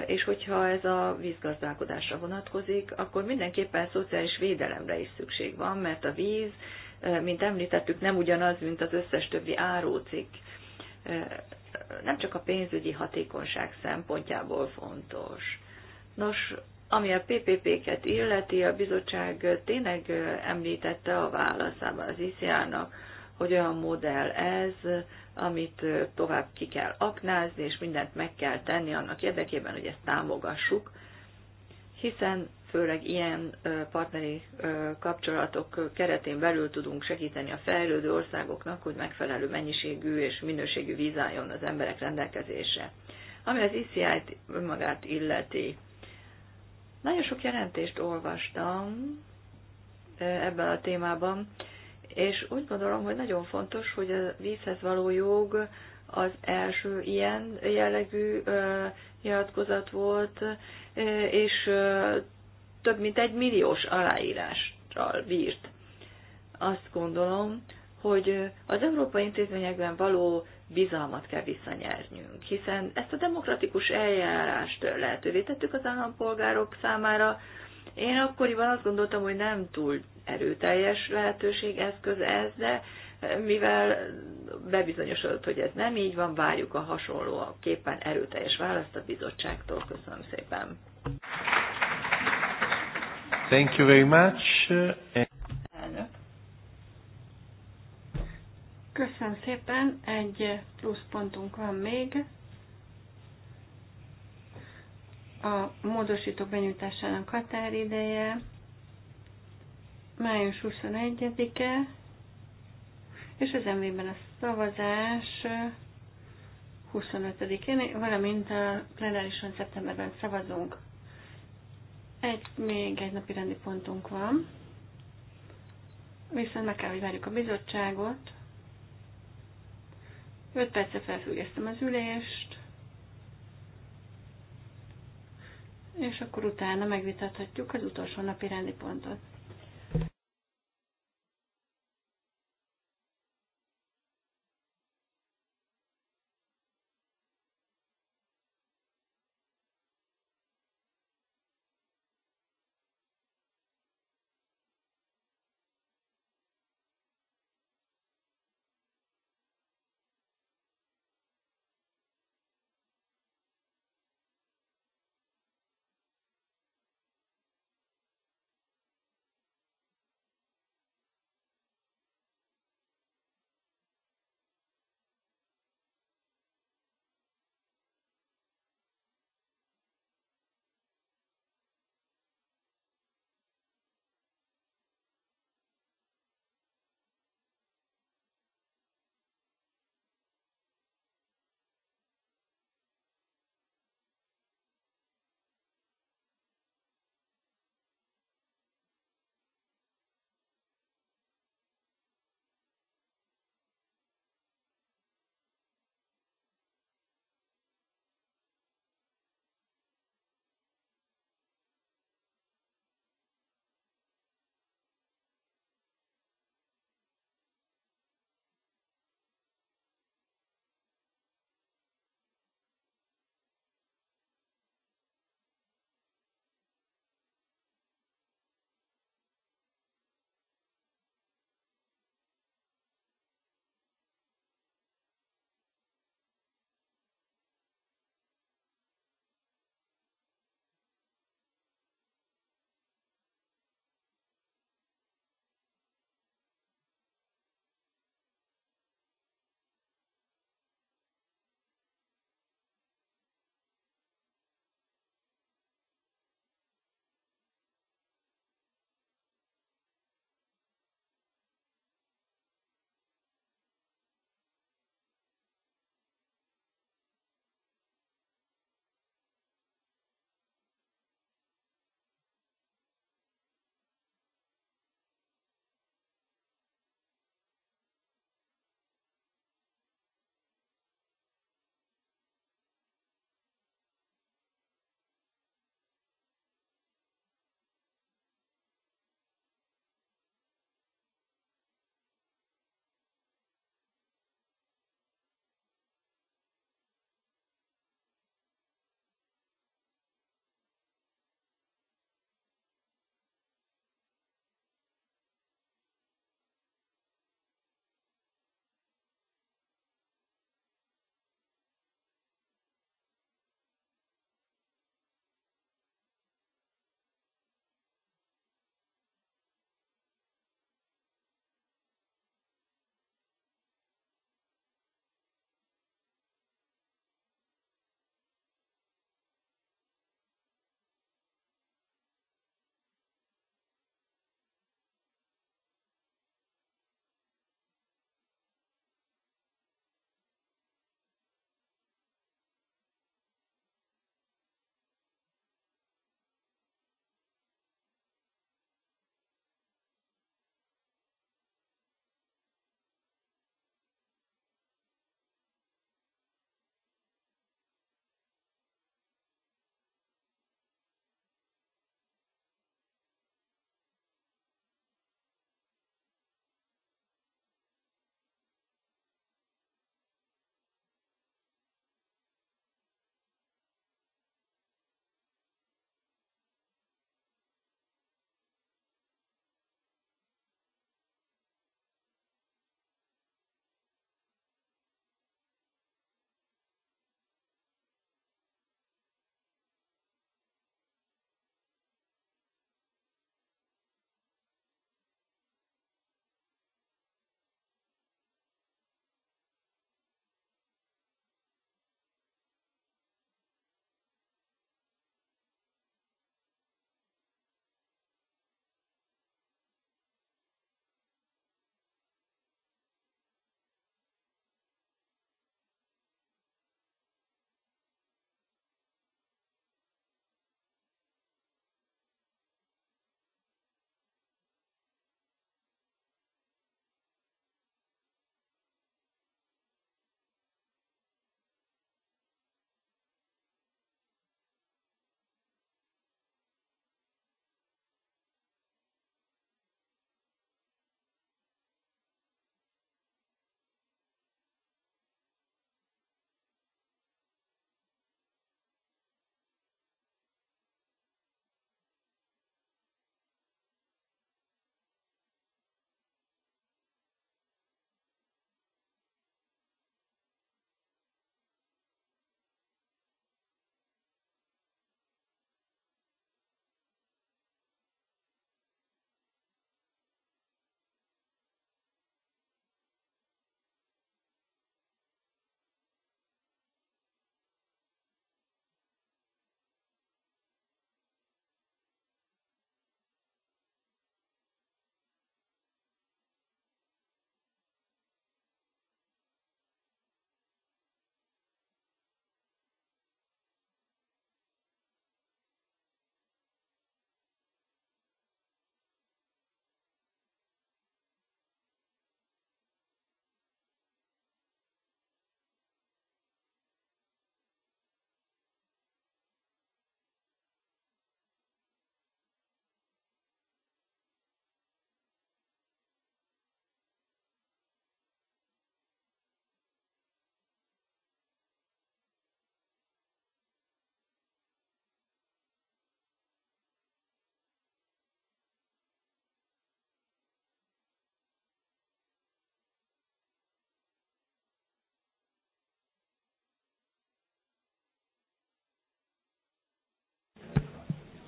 és hogyha ez a vízgazdálkodásra vonatkozik, akkor mindenképpen szociális védelemre is szükség van, mert a víz, mint említettük, nem ugyanaz, mint az összes többi árócikk nem csak a pénzügyi hatékonyság szempontjából fontos. Nos, ami a PPP-ket illeti, a bizottság tényleg említette a válaszában az ICA-nak, hogy olyan modell ez, amit tovább ki kell aknázni, és mindent meg kell tenni annak érdekében, hogy ezt támogassuk, hiszen főleg ilyen partneri kapcsolatok keretén belül tudunk segíteni a fejlődő országoknak, hogy megfelelő mennyiségű és minőségű víz álljon az emberek rendelkezése, Ami az ICI-t önmagát illeti. Nagyon sok jelentést olvastam ebben a témában, és úgy gondolom, hogy nagyon fontos, hogy a vízhez való jog az első ilyen jellegű nyilatkozat volt, és több mint egy milliós aláírással bírt. Azt gondolom, hogy az európai intézményekben való bizalmat kell visszanyernünk, hiszen ezt a demokratikus eljárást lehetővé tettük az állampolgárok számára. Én akkoriban azt gondoltam, hogy nem túl erőteljes lehetőség eszköz ez, de mivel bebizonyosodott, hogy ez nem így van, várjuk a hasonlóképpen erőteljes választ a bizottságtól. Köszönöm szépen! Thank you very much. Köszönöm szépen, egy plusz pontunk van még. A módosító benyújtásának határideje május 21-e, és az MV-ben a szavazás 25-én, valamint a plenárison szeptemberben szavazunk. Egy, még egy napi rendi pontunk van, viszont meg kell, hogy várjuk a bizottságot. 5 perce felfüggesztem az ülést, és akkor utána megvitathatjuk az utolsó napi rendi pontot.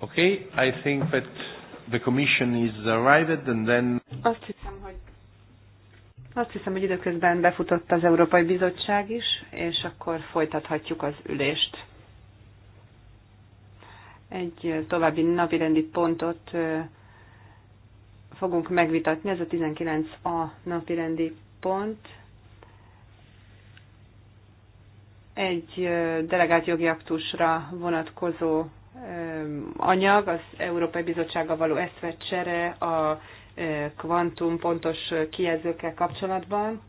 Okay, I think that the commission is arrived and then... Azt hiszem, hogy azt hiszem, hogy időközben befutott az Európai Bizottság is, és akkor folytathatjuk az ülést. Egy további rendi pontot fogunk megvitatni, ez a 19a rendi pont. Egy delegált jogi aktusra vonatkozó anyag, az Európai Bizottsággal való eszvecsere a kvantum pontos kijelzőkkel kapcsolatban,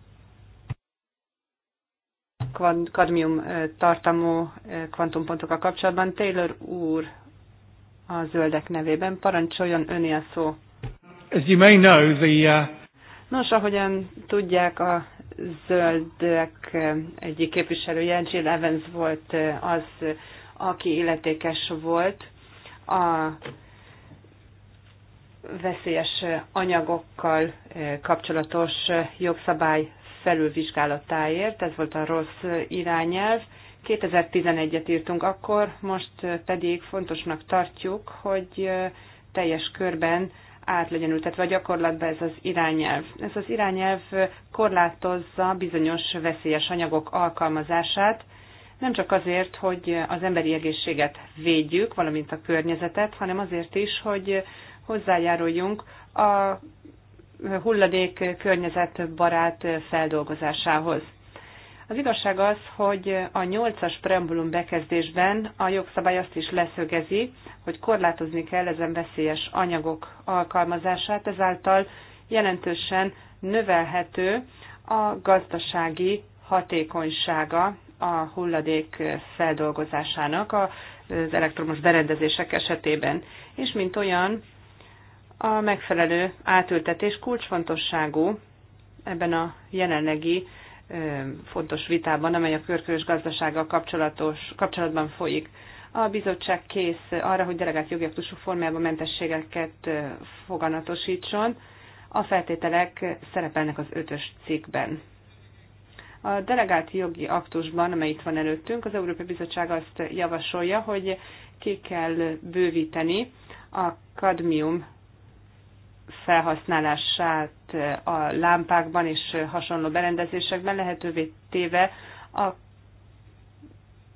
kadmium tartalmú kvantumpontokkal kapcsolatban. Taylor úr a zöldek nevében parancsoljon öné a szó. As you may know, the, uh... Nos, ahogyan tudják, a zöldek egyik képviselője, Jill Evans volt az aki illetékes volt a veszélyes anyagokkal eh, kapcsolatos eh, jogszabály felülvizsgálatáért. Ez volt a rossz irányelv. 2011-et írtunk akkor, most eh, pedig fontosnak tartjuk, hogy teljes körben át legyen ültetve a gyakorlatban ez az irányelv. Ez az irányelv korlátozza bizonyos veszélyes anyagok alkalmazását, nem csak azért, hogy az emberi egészséget védjük, valamint a környezetet, hanem azért is, hogy hozzájáruljunk a hulladék környezetbarát feldolgozásához. Az igazság az, hogy a 8-as preambulum bekezdésben a jogszabály azt is leszögezi, hogy korlátozni kell ezen veszélyes anyagok alkalmazását, ezáltal jelentősen növelhető a gazdasági hatékonysága a hulladék feldolgozásának az elektromos berendezések esetében, és mint olyan a megfelelő átültetés kulcsfontosságú ebben a jelenlegi fontos vitában, amely a körkörös gazdasággal kapcsolatos, kapcsolatban folyik. A bizottság kész arra, hogy delegált jogi formában mentességeket foganatosítson. A feltételek szerepelnek az ötös cikkben. A delegált jogi aktusban, amely itt van előttünk, az Európai Bizottság azt javasolja, hogy ki kell bővíteni a kadmium felhasználását a lámpákban és hasonló berendezésekben lehetővé téve a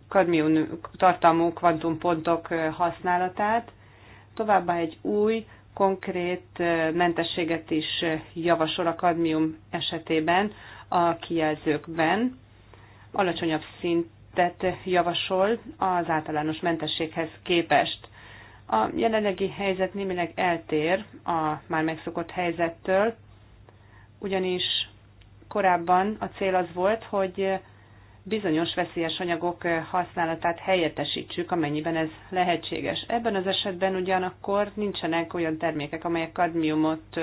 kadmium tartalmú kvantumpontok használatát. Továbbá egy új, konkrét mentességet is javasol a kadmium esetében a kijelzőkben. Alacsonyabb szintet javasol az általános mentességhez képest. A jelenlegi helyzet némileg eltér a már megszokott helyzettől, ugyanis korábban a cél az volt, hogy bizonyos veszélyes anyagok használatát helyettesítsük, amennyiben ez lehetséges. Ebben az esetben ugyanakkor nincsenek olyan termékek, amelyek kadmiumot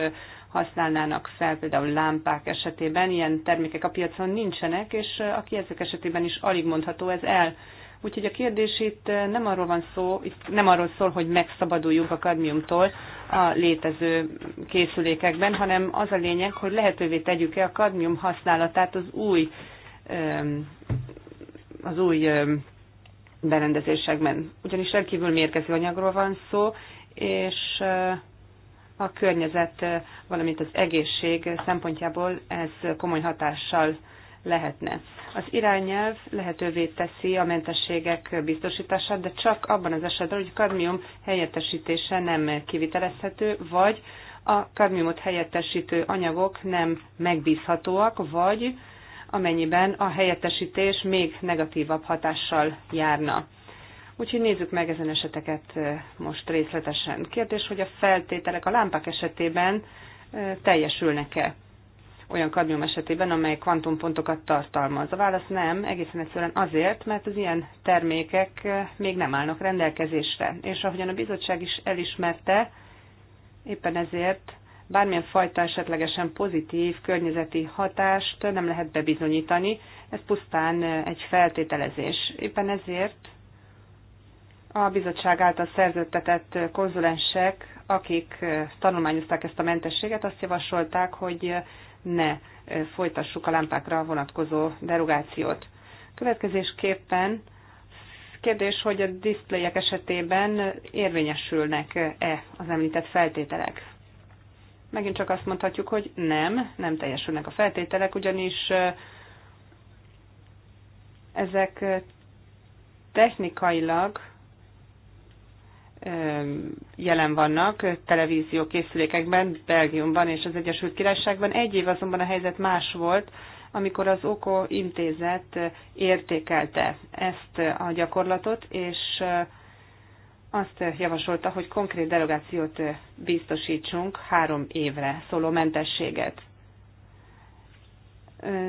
használnának fel, például lámpák esetében. Ilyen termékek a piacon nincsenek, és a ezek esetében is alig mondható ez el. Úgyhogy a kérdés itt nem arról van szó, itt nem arról szól, hogy megszabaduljunk a kadmiumtól a létező készülékekben, hanem az a lényeg, hogy lehetővé tegyük-e a kadmium használatát az új az új berendezésekben. Ugyanis rendkívül mérgező anyagról van szó, és a környezet, valamint az egészség szempontjából ez komoly hatással lehetne. Az irányelv lehetővé teszi a mentességek biztosítását, de csak abban az esetben, hogy a kadmium helyettesítése nem kivitelezhető, vagy a kadmiumot helyettesítő anyagok nem megbízhatóak, vagy amennyiben a helyettesítés még negatívabb hatással járna. Úgyhogy nézzük meg ezen eseteket most részletesen. Kérdés, hogy a feltételek a lámpák esetében teljesülnek-e? olyan kadmium esetében, amely kvantumpontokat tartalmaz? A válasz nem, egészen egyszerűen azért, mert az ilyen termékek még nem állnak rendelkezésre. És ahogyan a bizottság is elismerte, éppen ezért bármilyen fajta esetlegesen pozitív környezeti hatást nem lehet bebizonyítani, ez pusztán egy feltételezés. Éppen ezért a bizottság által szerződtetett konzulensek, akik eh, tanulmányozták ezt a mentességet, azt javasolták, hogy ne eh, folytassuk a lámpákra vonatkozó derogációt. Következésképpen kérdés, hogy a diszpléjek esetében érvényesülnek-e az említett feltételek. Megint csak azt mondhatjuk, hogy nem, nem teljesülnek a feltételek, ugyanis eh, ezek technikailag jelen vannak televízió készülékekben, Belgiumban és az Egyesült Királyságban. Egy év azonban a helyzet más volt, amikor az OKO intézet értékelte ezt a gyakorlatot, és eh, azt javasolta, hogy konkrét delegációt eh, biztosítsunk három évre szóló mentességet.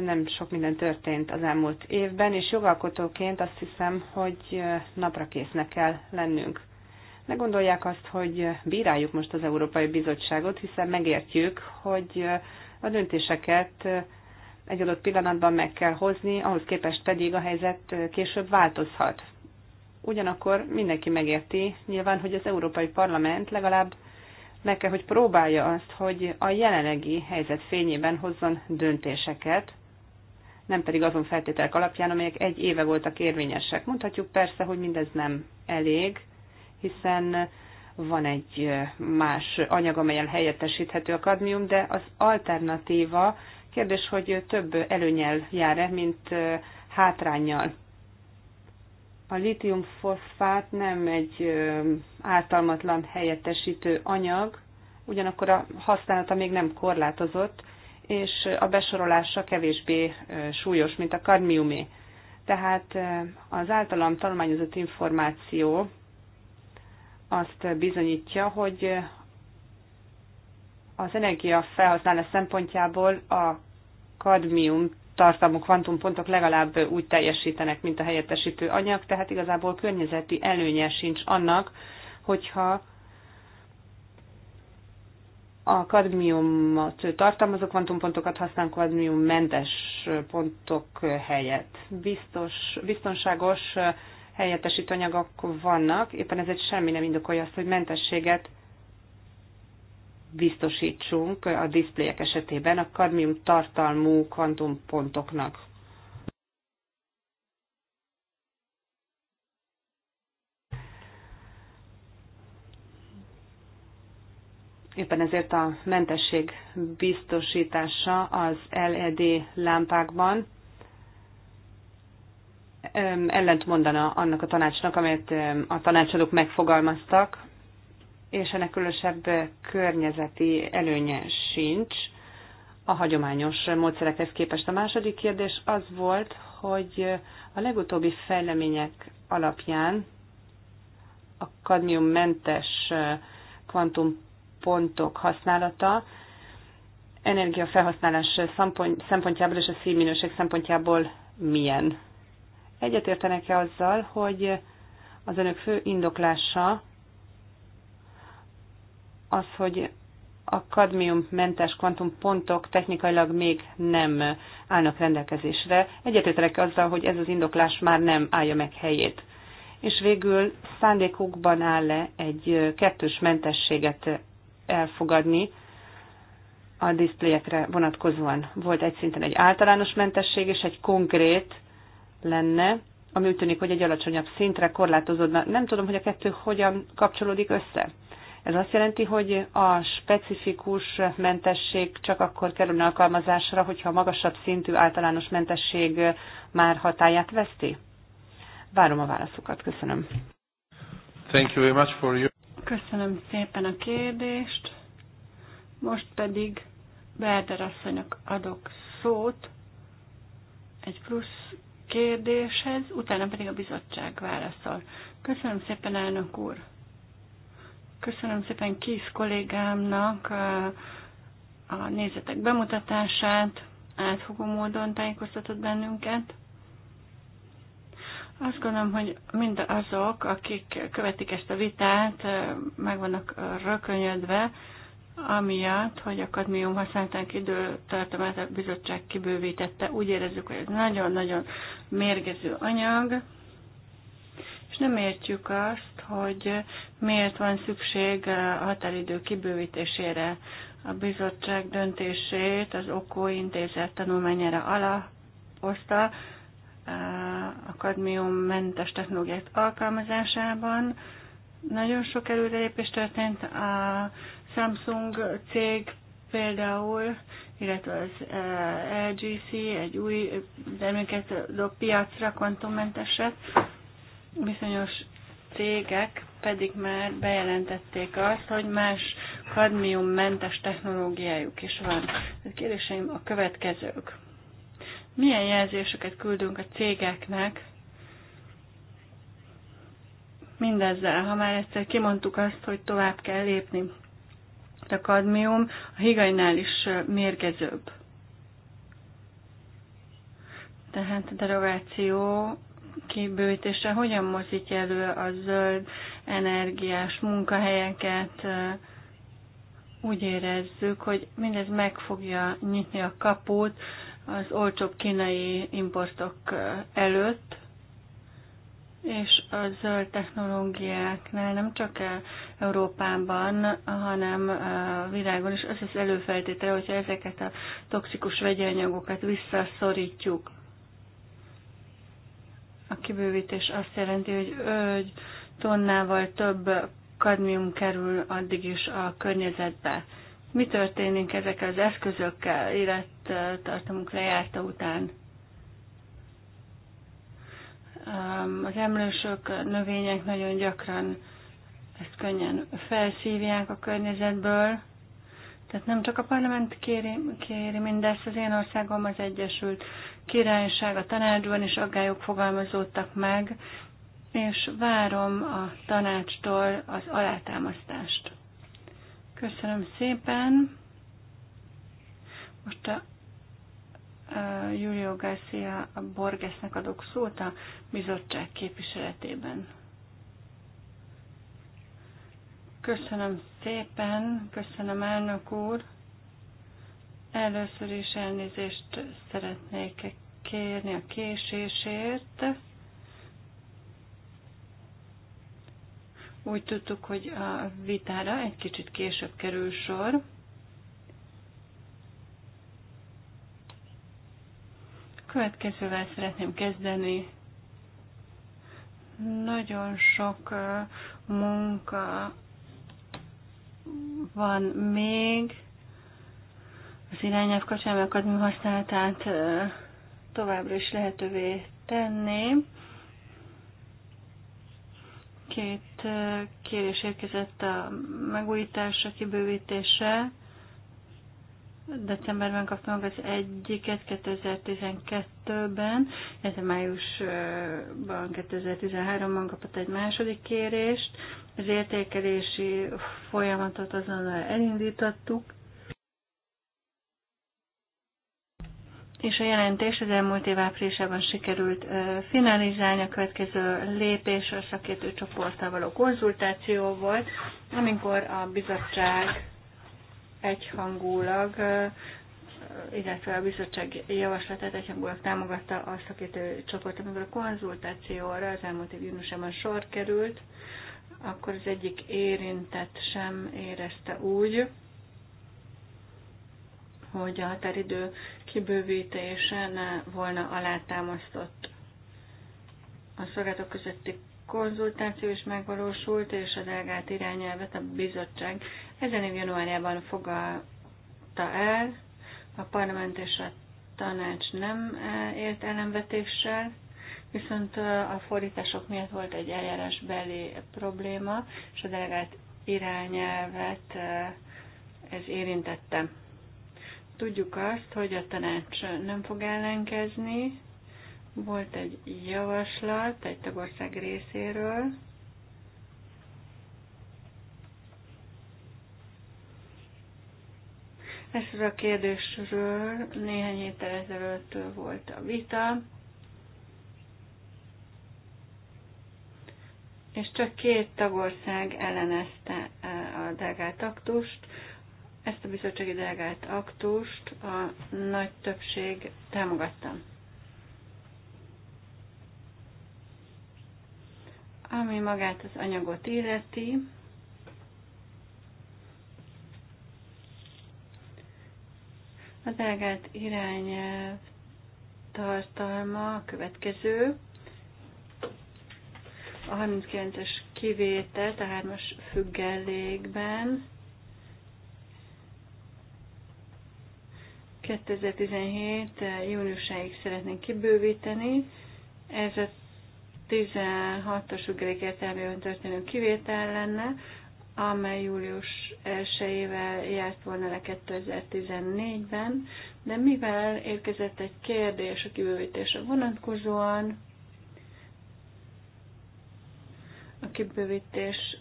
Nem sok minden történt az elmúlt évben, és jogalkotóként azt hiszem, hogy eh, napra késznek kell lennünk ne gondolják azt, hogy bíráljuk most az Európai Bizottságot, hiszen megértjük, hogy a döntéseket egy adott pillanatban meg kell hozni, ahhoz képest pedig a helyzet később változhat. Ugyanakkor mindenki megérti nyilván, hogy az Európai Parlament legalább meg kell, hogy próbálja azt, hogy a jelenlegi helyzet fényében hozzon döntéseket, nem pedig azon feltételek alapján, amelyek egy éve voltak érvényesek. Mondhatjuk persze, hogy mindez nem elég, hiszen van egy más anyag, amelyen helyettesíthető a kadmium, de az alternatíva kérdés, hogy több előnyel jár-e, mint hátrányjal. A litiumfoszfát nem egy ártalmatlan helyettesítő anyag, ugyanakkor a használata még nem korlátozott, és a besorolása kevésbé súlyos, mint a kadmiumé. Tehát az általam tanulmányozott információ azt bizonyítja, hogy az energia felhasználás szempontjából a kadmium tartalmú kvantumpontok legalább úgy teljesítenek, mint a helyettesítő anyag, tehát igazából környezeti előnye sincs annak, hogyha a kadmiumot tartalmazó kvantumpontokat használunk kadmiummentes pontok helyett. Biztos, biztonságos helyettesítő anyagok vannak, éppen ezért semmi nem indokolja azt, hogy mentességet biztosítsunk a diszpléjek esetében a kadmium tartalmú kvantumpontoknak. Éppen ezért a mentesség biztosítása az LED lámpákban ellent mondana annak a tanácsnak, amelyet a tanácsadók megfogalmaztak, és ennek különösebb környezeti előnye sincs a hagyományos módszerekhez képest. A második kérdés az volt, hogy a legutóbbi fejlemények alapján a kadmiummentes kvantumpontok használata energiafelhasználás szempontjából és a színminőség szempontjából milyen Egyetértenek-e azzal, hogy az önök fő indoklása az, hogy a kadmiummentes kvantumpontok technikailag még nem állnak rendelkezésre. Egyetértek azzal, hogy ez az indoklás már nem állja meg helyét. És végül szándékukban áll-e egy kettős mentességet elfogadni a diszpléjekre vonatkozóan? Volt egy szinten egy általános mentesség és egy konkrét lenne, ami úgy tűnik, hogy egy alacsonyabb szintre korlátozódna. Nem tudom, hogy a kettő hogyan kapcsolódik össze. Ez azt jelenti, hogy a specifikus mentesség csak akkor kerülne alkalmazásra, hogyha a magasabb szintű általános mentesség már hatáját veszti? Várom a válaszokat. Köszönöm. Thank you very much for you. Köszönöm szépen a kérdést. Most pedig Berder asszonynak adok szót egy plusz kérdéshez, utána pedig a bizottság válaszol. Köszönöm szépen, elnök úr! Köszönöm szépen Kis kollégámnak uh, a nézetek bemutatását, átfogó módon tájékoztatott bennünket. Azt gondolom, hogy mind azok, akik követik ezt a vitát, uh, meg vannak rökönyödve, amiatt, hogy a kadmium használták időtartamát a bizottság kibővítette. Úgy érezzük, hogy ez nagyon-nagyon mérgező anyag, és nem értjük azt, hogy miért van szükség a határidő kibővítésére. A bizottság döntését az OKO intézet tanulmányára alapozta a mentes technológiák alkalmazásában. Nagyon sok előrelépés történt. A Samsung cég például illetve az e, LGC egy új terméket dob piacra, kvantummenteset. Bizonyos cégek pedig már bejelentették azt, hogy más kadmiummentes technológiájuk is van. A kérdéseim a következők. Milyen jelzéseket küldünk a cégeknek mindezzel, ha már egyszer kimondtuk azt, hogy tovább kell lépni? a kadmium a higainál is mérgezőbb. Tehát a derogáció kibővítése hogyan mozdítja elő a zöld energiás munkahelyeket, úgy érezzük, hogy mindez meg fogja nyitni a kaput az olcsóbb kínai importok előtt, és a zöld technológiáknál nem csak e, Európában, hanem a e, világon is az az előfeltétele, hogyha ezeket a toxikus vegyi anyagokat visszaszorítjuk. A kibővítés azt jelenti, hogy 5 tonnával több kadmium kerül addig is a környezetbe. Mi történik ezekkel az eszközökkel élettartamuk lejárta után? Az emlősök, növények nagyon gyakran ezt könnyen felszívják a környezetből, tehát nem csak a parlament kéri, kéri mindezt, az én országom az Egyesült Királyság, a tanácsban is aggályok fogalmazódtak meg, és várom a tanácstól az alátámasztást. Köszönöm szépen. Most a Julio Garcia Borgesnek adok szót a bizottság képviseletében. Köszönöm szépen, köszönöm elnök úr. Először is elnézést szeretnék kérni a késésért. Úgy tudtuk, hogy a vitára egy kicsit később kerül sor. Következővel szeretném kezdeni. Nagyon sok munka van még az irányelv kapcsán, mert használatát továbbra is lehetővé tenni. Két kérés érkezett a megújítása, kibővítése. Decemberben kaptam meg az egyiket 2012-ben, ez májusban 2013-ban kapott egy második kérést. Az értékelési folyamatot azonnal elindítottuk, és a jelentés az elmúlt év áprilisában sikerült finalizálni. A következő lépés a csoporttal való konzultáció volt, amikor a bizottság egyhangulag, illetve a bizottság javaslatát egyhangulag támogatta a szakítő csoport, amikor a konzultációra az elmúlt év júniusában sor került, akkor az egyik érintett sem érezte úgy, hogy a határidő kibővítése ne volna alátámasztott. A szolgálatok közötti konzultáció is megvalósult, és a delegált irányelvet a bizottság ezen év januárjában fogadta el, a parlament és a tanács nem e, élt ellenvetéssel, viszont e, a fordítások miatt volt egy eljárásbeli probléma, és a delegált irányelvet e, ez érintette. Tudjuk azt, hogy a tanács nem fog ellenkezni, volt egy javaslat egy tagország részéről, Ezt a kérdésről néhány héttel ezelőtt volt a vita, és csak két tagország ellenezte e, a delegált aktust. Ezt a bizottsági delegált aktust a nagy többség támogatta. Ami magát az anyagot illeti, A delegált irányelv tartalma a következő. A 39-es kivétel, a 3-as függelékben 2017. júniusáig szeretnénk kibővíteni. Ez a 16 as ugrék értelmében történő kivétel lenne amely július 1-ével járt volna le 2014-ben, de mivel érkezett egy kérdés a kibővítésre vonatkozóan, a kibővítés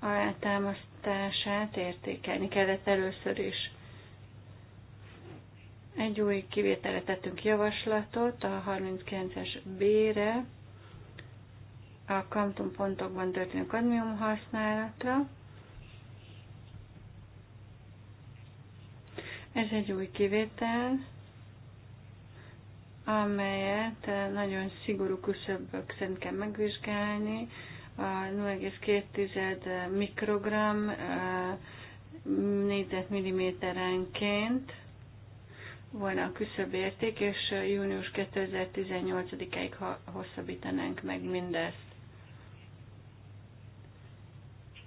alátámasztását értékelni kellett először is. Egy új kivételre tettünk javaslatot, a 39-es B-re, a pontokban történő kadmium használatra. Ez egy új kivétel, amelyet nagyon szigorú küszöbök szerint kell megvizsgálni. A 0,2 mikrogram négyzetmilliméterenként volna a küszöbb érték, és június 2018-ig hosszabbítanánk meg mindezt.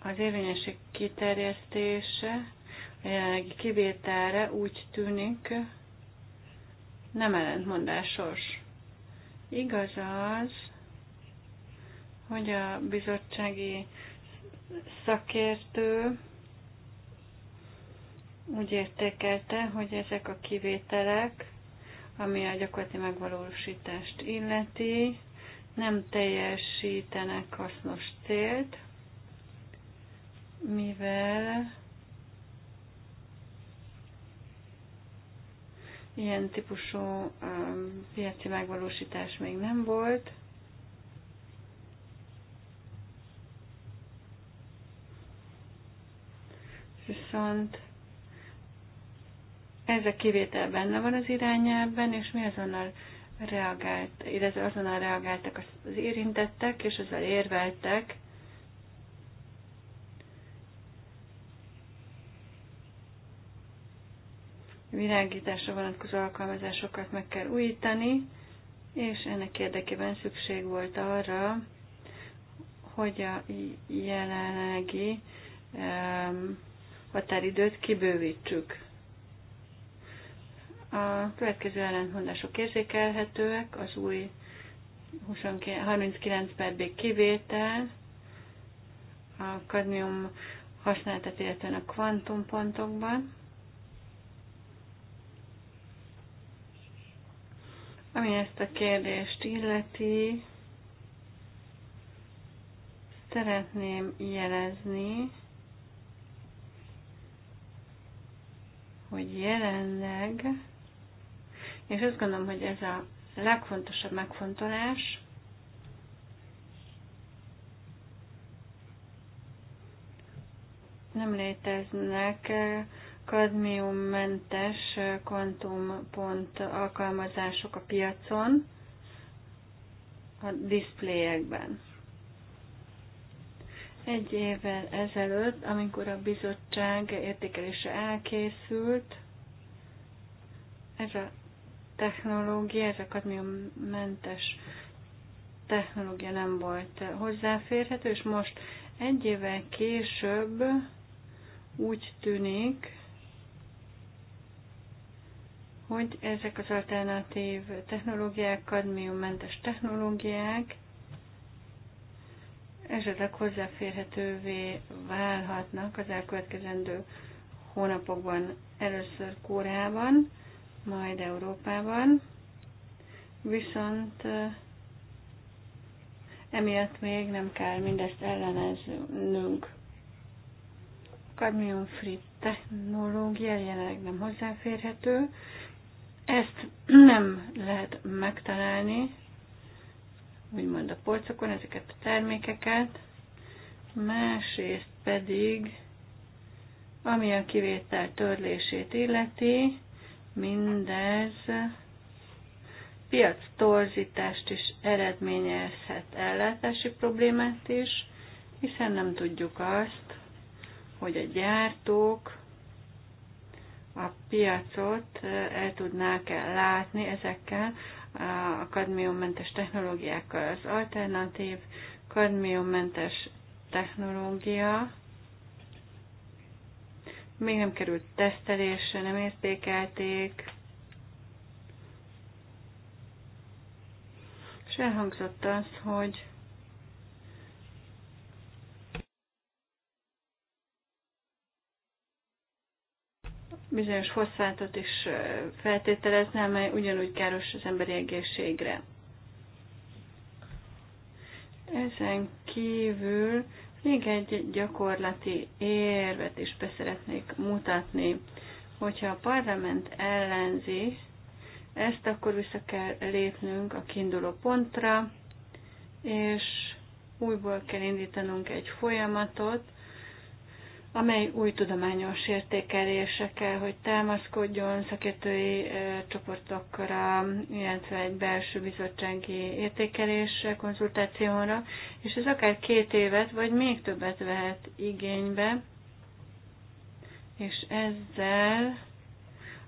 Az érvényesség kiterjesztése a jelenlegi kivételre úgy tűnik nem ellentmondásos. Igaz az, hogy a bizottsági szakértő úgy értékelte, hogy ezek a kivételek, ami a gyakorlati megvalósítást illeti, nem teljesítenek hasznos célt, mivel ilyen típusú um, piaci megvalósítás még nem volt, viszont ez a kivétel benne van az irányában, és mi azonnal reagált, illetve azonnal reagáltak az érintettek, és azzal érveltek, virágításra vonatkozó alkalmazásokat meg kell újítani, és ennek érdekében szükség volt arra, hogy a jelenlegi um, határidőt kibővítsük. A következő ellentmondások érzékelhetőek, az új 29, 39 per B kivétel, a kadmium használatát illetően a kvantumpontokban, Ami ezt a kérdést illeti, szeretném jelezni, hogy jelenleg, és azt gondolom, hogy ez a legfontosabb megfontolás, nem léteznek kadmiummentes kvantumpont alkalmazások a piacon, a diszpléjekben. Egy évvel ezelőtt, amikor a bizottság értékelése elkészült, ez a technológia, ez a kadmiummentes technológia nem volt hozzáférhető, és most egy évvel később úgy tűnik, hogy ezek az alternatív technológiák, kadmiummentes technológiák esetleg hozzáférhetővé válhatnak az elkövetkezendő hónapokban, először Kórában, majd Európában, viszont eh, emiatt még nem kell mindezt elleneznünk. A kadmium-free technológia jelenleg nem hozzáférhető, ezt nem lehet megtalálni, úgymond a polcokon ezeket a termékeket, másrészt pedig, ami a kivétel törlését illeti, mindez piac torzítást is eredményezhet, ellátási problémát is, hiszen nem tudjuk azt, hogy a gyártók a piacot el tudnák látni ezekkel a kadmiummentes technológiákkal. Az alternatív kadmiummentes technológia még nem került tesztelésre, nem értékelték, és elhangzott az, hogy bizonyos foszfátot is feltételezne, amely ugyanúgy káros az emberi egészségre. Ezen kívül még egy gyakorlati érvet is beszeretnék mutatni, hogyha a parlament ellenzi ezt, akkor vissza kell lépnünk a kiinduló pontra, és újból kell indítanunk egy folyamatot, amely új tudományos értékelésekkel, hogy támaszkodjon szakértői csoportokra, illetve egy belső bizottsági értékelésre, konzultációra, és ez akár két évet, vagy még többet vehet igénybe, és ezzel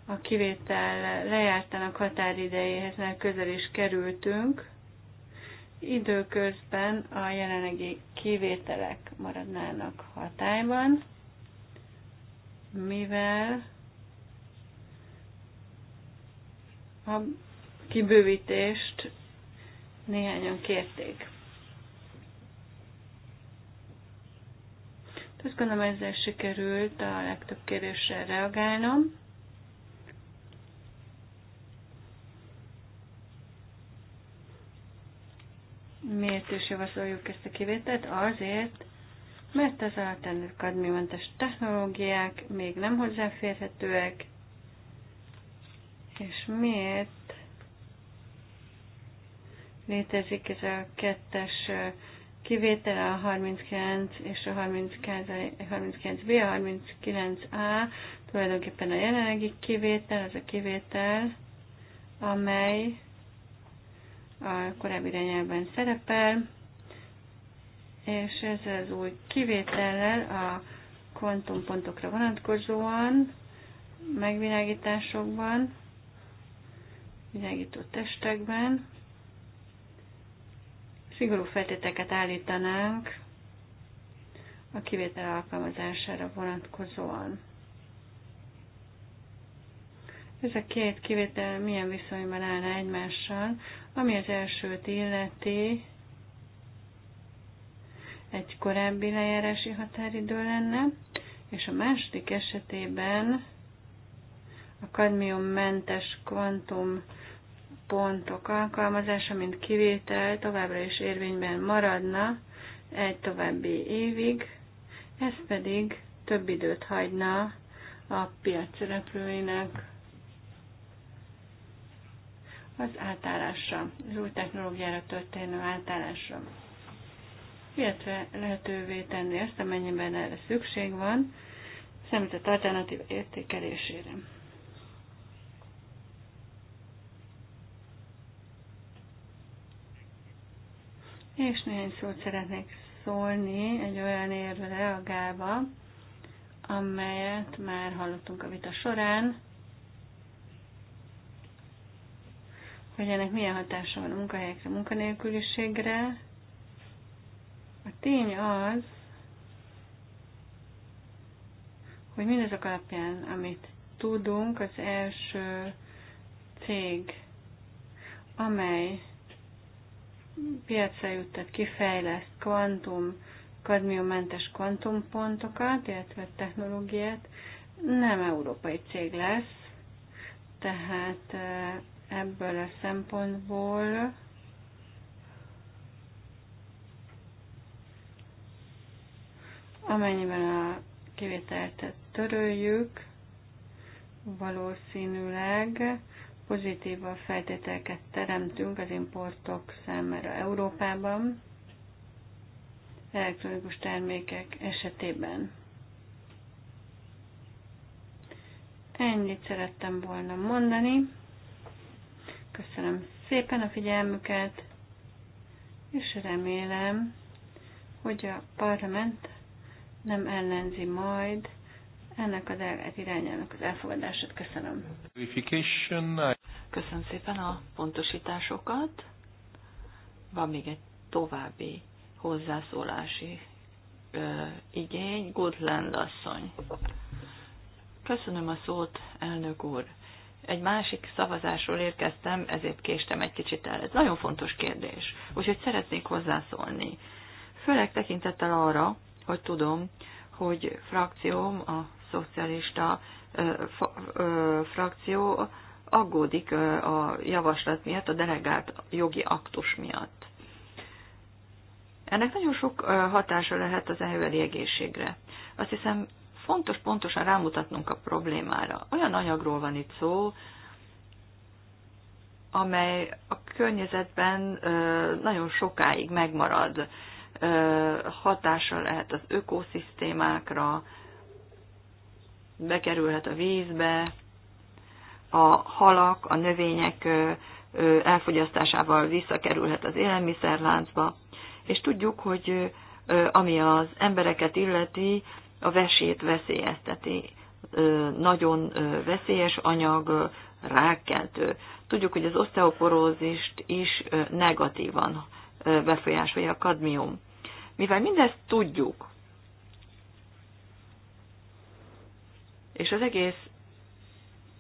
a kivétel lejártának határidejéhez már közel is kerültünk, időközben a jelenlegi kivételek maradnának hatályban, mivel a kibővítést néhányan kérték. Azt gondolom ezzel sikerült a legtöbb kérdésre reagálnom. Miért is javasoljuk ezt a kivételt? Azért, mert az alternatív kadmiumentes technológiák még nem hozzáférhetőek, és miért létezik ez a kettes kivétel a 39 és a 39, 39B, a 39A tulajdonképpen a jelenlegi kivétel, az a kivétel, amely a korábbi irányában szerepel, és ez az új kivétellel a kvantumpontokra vonatkozóan, megvilágításokban, világító testekben, szigorú feltéteket állítanánk a kivétel alkalmazására vonatkozóan. Ez a két kivétel milyen viszonyban áll egymással, ami az elsőt illeti, egy korábbi lejárási határidő lenne, és a második esetében a kadmiummentes kvantum pontok alkalmazása, mint kivétel továbbra is érvényben maradna egy további évig, ez pedig több időt hagyna a piac szereplőinek az átállásra, az új technológiára történő átállásra illetve lehetővé tenni ezt, amennyiben erre szükség van, szemített alternatív értékelésére. És néhány szót szeretnék szólni egy olyan érve reagálva, amelyet már hallottunk a vita során, hogy ennek milyen hatása van a munkahelyekre, munkanélküliségre, a tény az, hogy mindazok alapján, amit tudunk, az első cég, amely piacra juttat, kifejleszt kvantum, kadmiummentes kvantumpontokat, illetve technológiát, nem európai cég lesz, tehát eh, ebből a szempontból Amennyiben a kivételt töröljük, valószínűleg pozitív a feltételeket teremtünk az importok számára Európában, elektronikus termékek esetében. Ennyit szerettem volna mondani. Köszönöm szépen a figyelmüket, és remélem, hogy a parlament nem ellenzi majd ennek a delegált irányának az elfogadását. Köszönöm. Köszönöm szépen a pontosításokat. Van még egy további hozzászólási ö, igény. Gutland asszony. Köszönöm a szót, elnök úr. Egy másik szavazásról érkeztem, ezért késtem egy kicsit el. Ez nagyon fontos kérdés, úgyhogy szeretnék hozzászólni. Főleg tekintettel arra, hogy tudom, hogy frakcióm, a szocialista frakció aggódik a javaslat miatt, a delegált jogi aktus miatt. Ennek nagyon sok hatása lehet az emberi egészségre. Azt hiszem, fontos pontosan rámutatnunk a problémára. Olyan anyagról van itt szó, amely a környezetben nagyon sokáig megmarad hatása lehet az ökoszisztémákra, bekerülhet a vízbe, a halak, a növények elfogyasztásával visszakerülhet az élelmiszerláncba, és tudjuk, hogy ami az embereket illeti, a vesét veszélyezteti. Nagyon veszélyes anyag, rákkeltő. Tudjuk, hogy az oszteoporózist is negatívan befolyásolja a kadmium. Mivel mindezt tudjuk, és az egész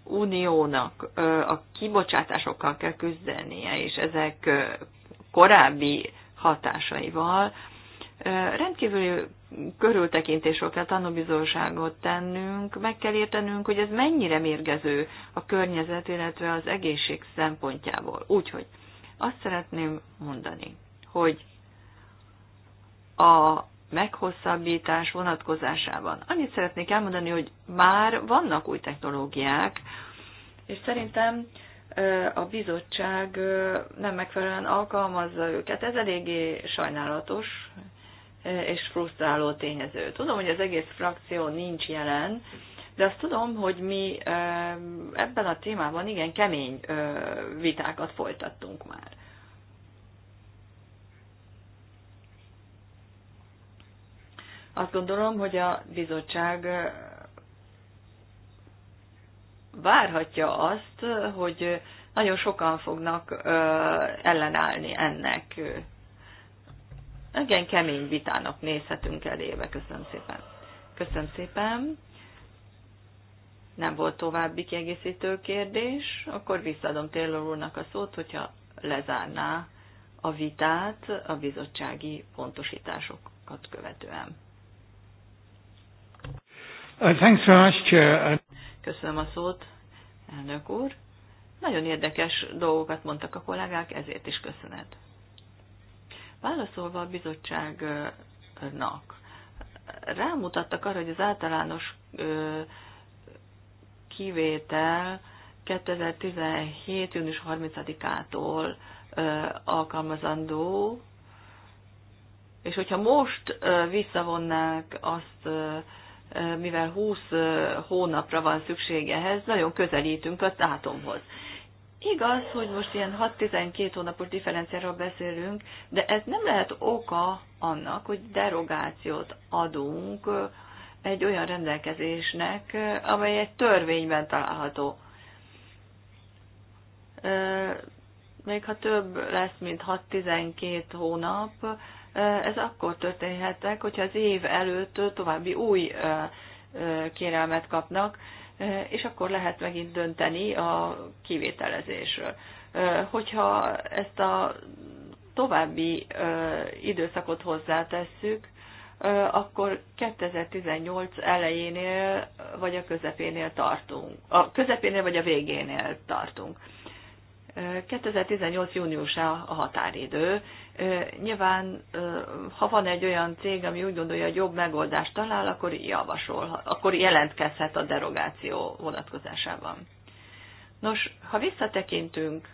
uniónak a kibocsátásokkal kell küzdenie, és ezek korábbi hatásaival, rendkívül körültekintésről kell tanúbizóságot tennünk, meg kell értenünk, hogy ez mennyire mérgező a környezet, illetve az egészség szempontjából. Úgyhogy azt szeretném mondani, hogy a meghosszabbítás vonatkozásában. Annyit szeretnék elmondani, hogy már vannak új technológiák, és szerintem a bizottság nem megfelelően alkalmazza őket. Ez eléggé sajnálatos és frusztráló tényező. Tudom, hogy az egész frakció nincs jelen, de azt tudom, hogy mi ebben a témában igen kemény vitákat folytattunk már. Azt gondolom, hogy a bizottság várhatja azt, hogy nagyon sokan fognak ellenállni ennek. Igen, kemény vitának nézhetünk elébe. Köszönöm szépen. Köszönöm szépen. Nem volt további kiegészítő kérdés. Akkor visszaadom Taylor úrnak a szót, hogyha lezárná a vitát a bizottsági pontosításokat követően. Uh, Köszönöm a szót, elnök úr. Nagyon érdekes dolgokat mondtak a kollégák, ezért is köszönet. Válaszolva a bizottságnak, rámutattak arra, hogy az általános kivétel 2017. június 30-ától alkalmazandó, és hogyha most visszavonnák azt, mivel 20 hónapra van szükség ehhez, nagyon közelítünk a dátumhoz. Igaz, hogy most ilyen 6-12 hónapos differenciáról beszélünk, de ez nem lehet oka annak, hogy derogációt adunk egy olyan rendelkezésnek, amely egy törvényben található. Még ha több lesz, mint 6-12 hónap, Eh, ez akkor történhetek, hogyha az év előtt további új eh, eh, kérelmet kapnak, és akkor lehet megint dönteni a kivételezésről. Hogyha ezt a további időszakot hozzátesszük, akkor 2018 elejénél vagy a közepénél tartunk. A közepénél vagy a végénél tartunk. 2018. júniusa a határidő. Nyilván, ha van egy olyan cég, ami úgy gondolja, hogy jobb megoldást talál, akkor javasol, akkor jelentkezhet a derogáció vonatkozásában. Nos, ha visszatekintünk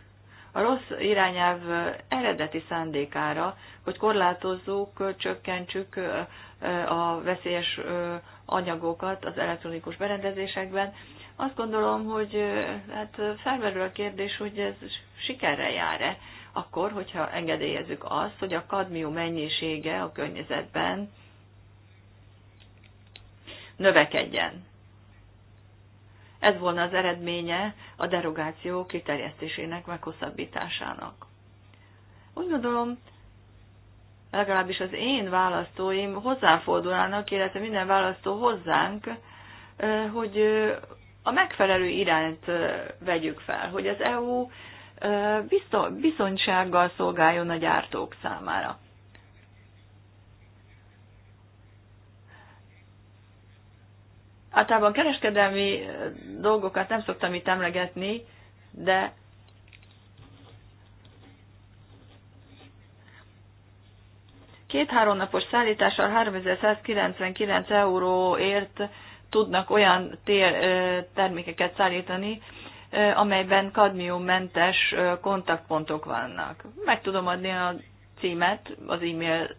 a rossz irányelv eredeti szándékára, hogy korlátozzuk, csökkentsük a veszélyes anyagokat az elektronikus berendezésekben, azt gondolom, hogy hát felmerül a kérdés, hogy ez sikerre jár-e akkor, hogyha engedélyezzük azt, hogy a kadmium mennyisége a környezetben növekedjen. Ez volna az eredménye a derogáció kiterjesztésének meghosszabbításának. Úgy gondolom, legalábbis az én választóim hozzáfordulnának, illetve minden választó hozzánk, hogy a megfelelő irányt vegyük fel, hogy az EU bizonysággal szolgáljon a gyártók számára. Általában kereskedelmi dolgokat nem szoktam itt emlegetni, de két-három napos szállítással 3199 euróért tudnak olyan tél, termékeket szállítani, amelyben kadmiummentes kontaktpontok vannak. Meg tudom adni a címet, az e-mail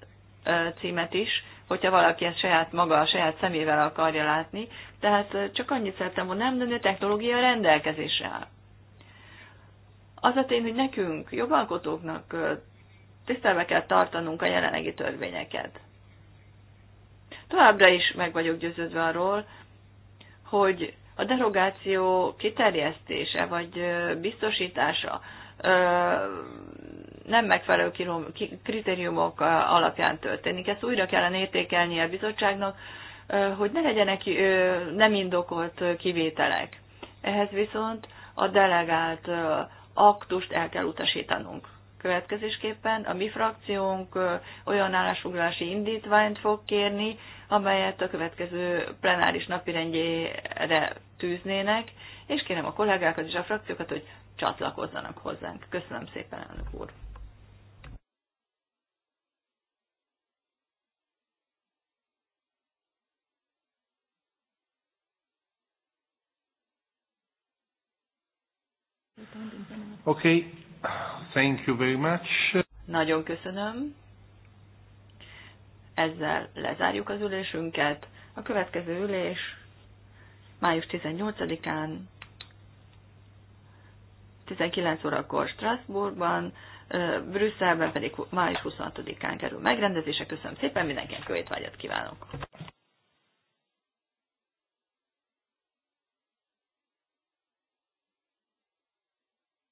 címet is, hogyha valaki ezt saját maga, a saját szemével akarja látni. Tehát csak annyit szerettem volna nem, de a technológia rendelkezésre áll. Az a tény, hogy nekünk, jogalkotóknak tisztelve kell tartanunk a jelenlegi törvényeket. Továbbra is meg vagyok győződve arról, hogy a derogáció kiterjesztése vagy biztosítása nem megfelelő kritériumok alapján történik. Ezt újra kellene értékelni a bizottságnak, hogy ne legyenek nem indokolt kivételek. Ehhez viszont a delegált aktust el kell utasítanunk. Következésképpen a mi frakciónk olyan állásfoglalási indítványt fog kérni, amelyet a következő plenáris napirendjére tűznének, és kérem a kollégákat és a frakciókat, hogy csatlakozzanak hozzánk. Köszönöm szépen, elnök úr! Okay. Thank you very much. Nagyon köszönöm. Ezzel lezárjuk az ülésünket. A következő ülés május 18-án 19 órakor Strasbourgban, Brüsszelben pedig május 26-án kerül megrendezése. Köszönöm szépen, mindenkinek jó étvágyat kívánok!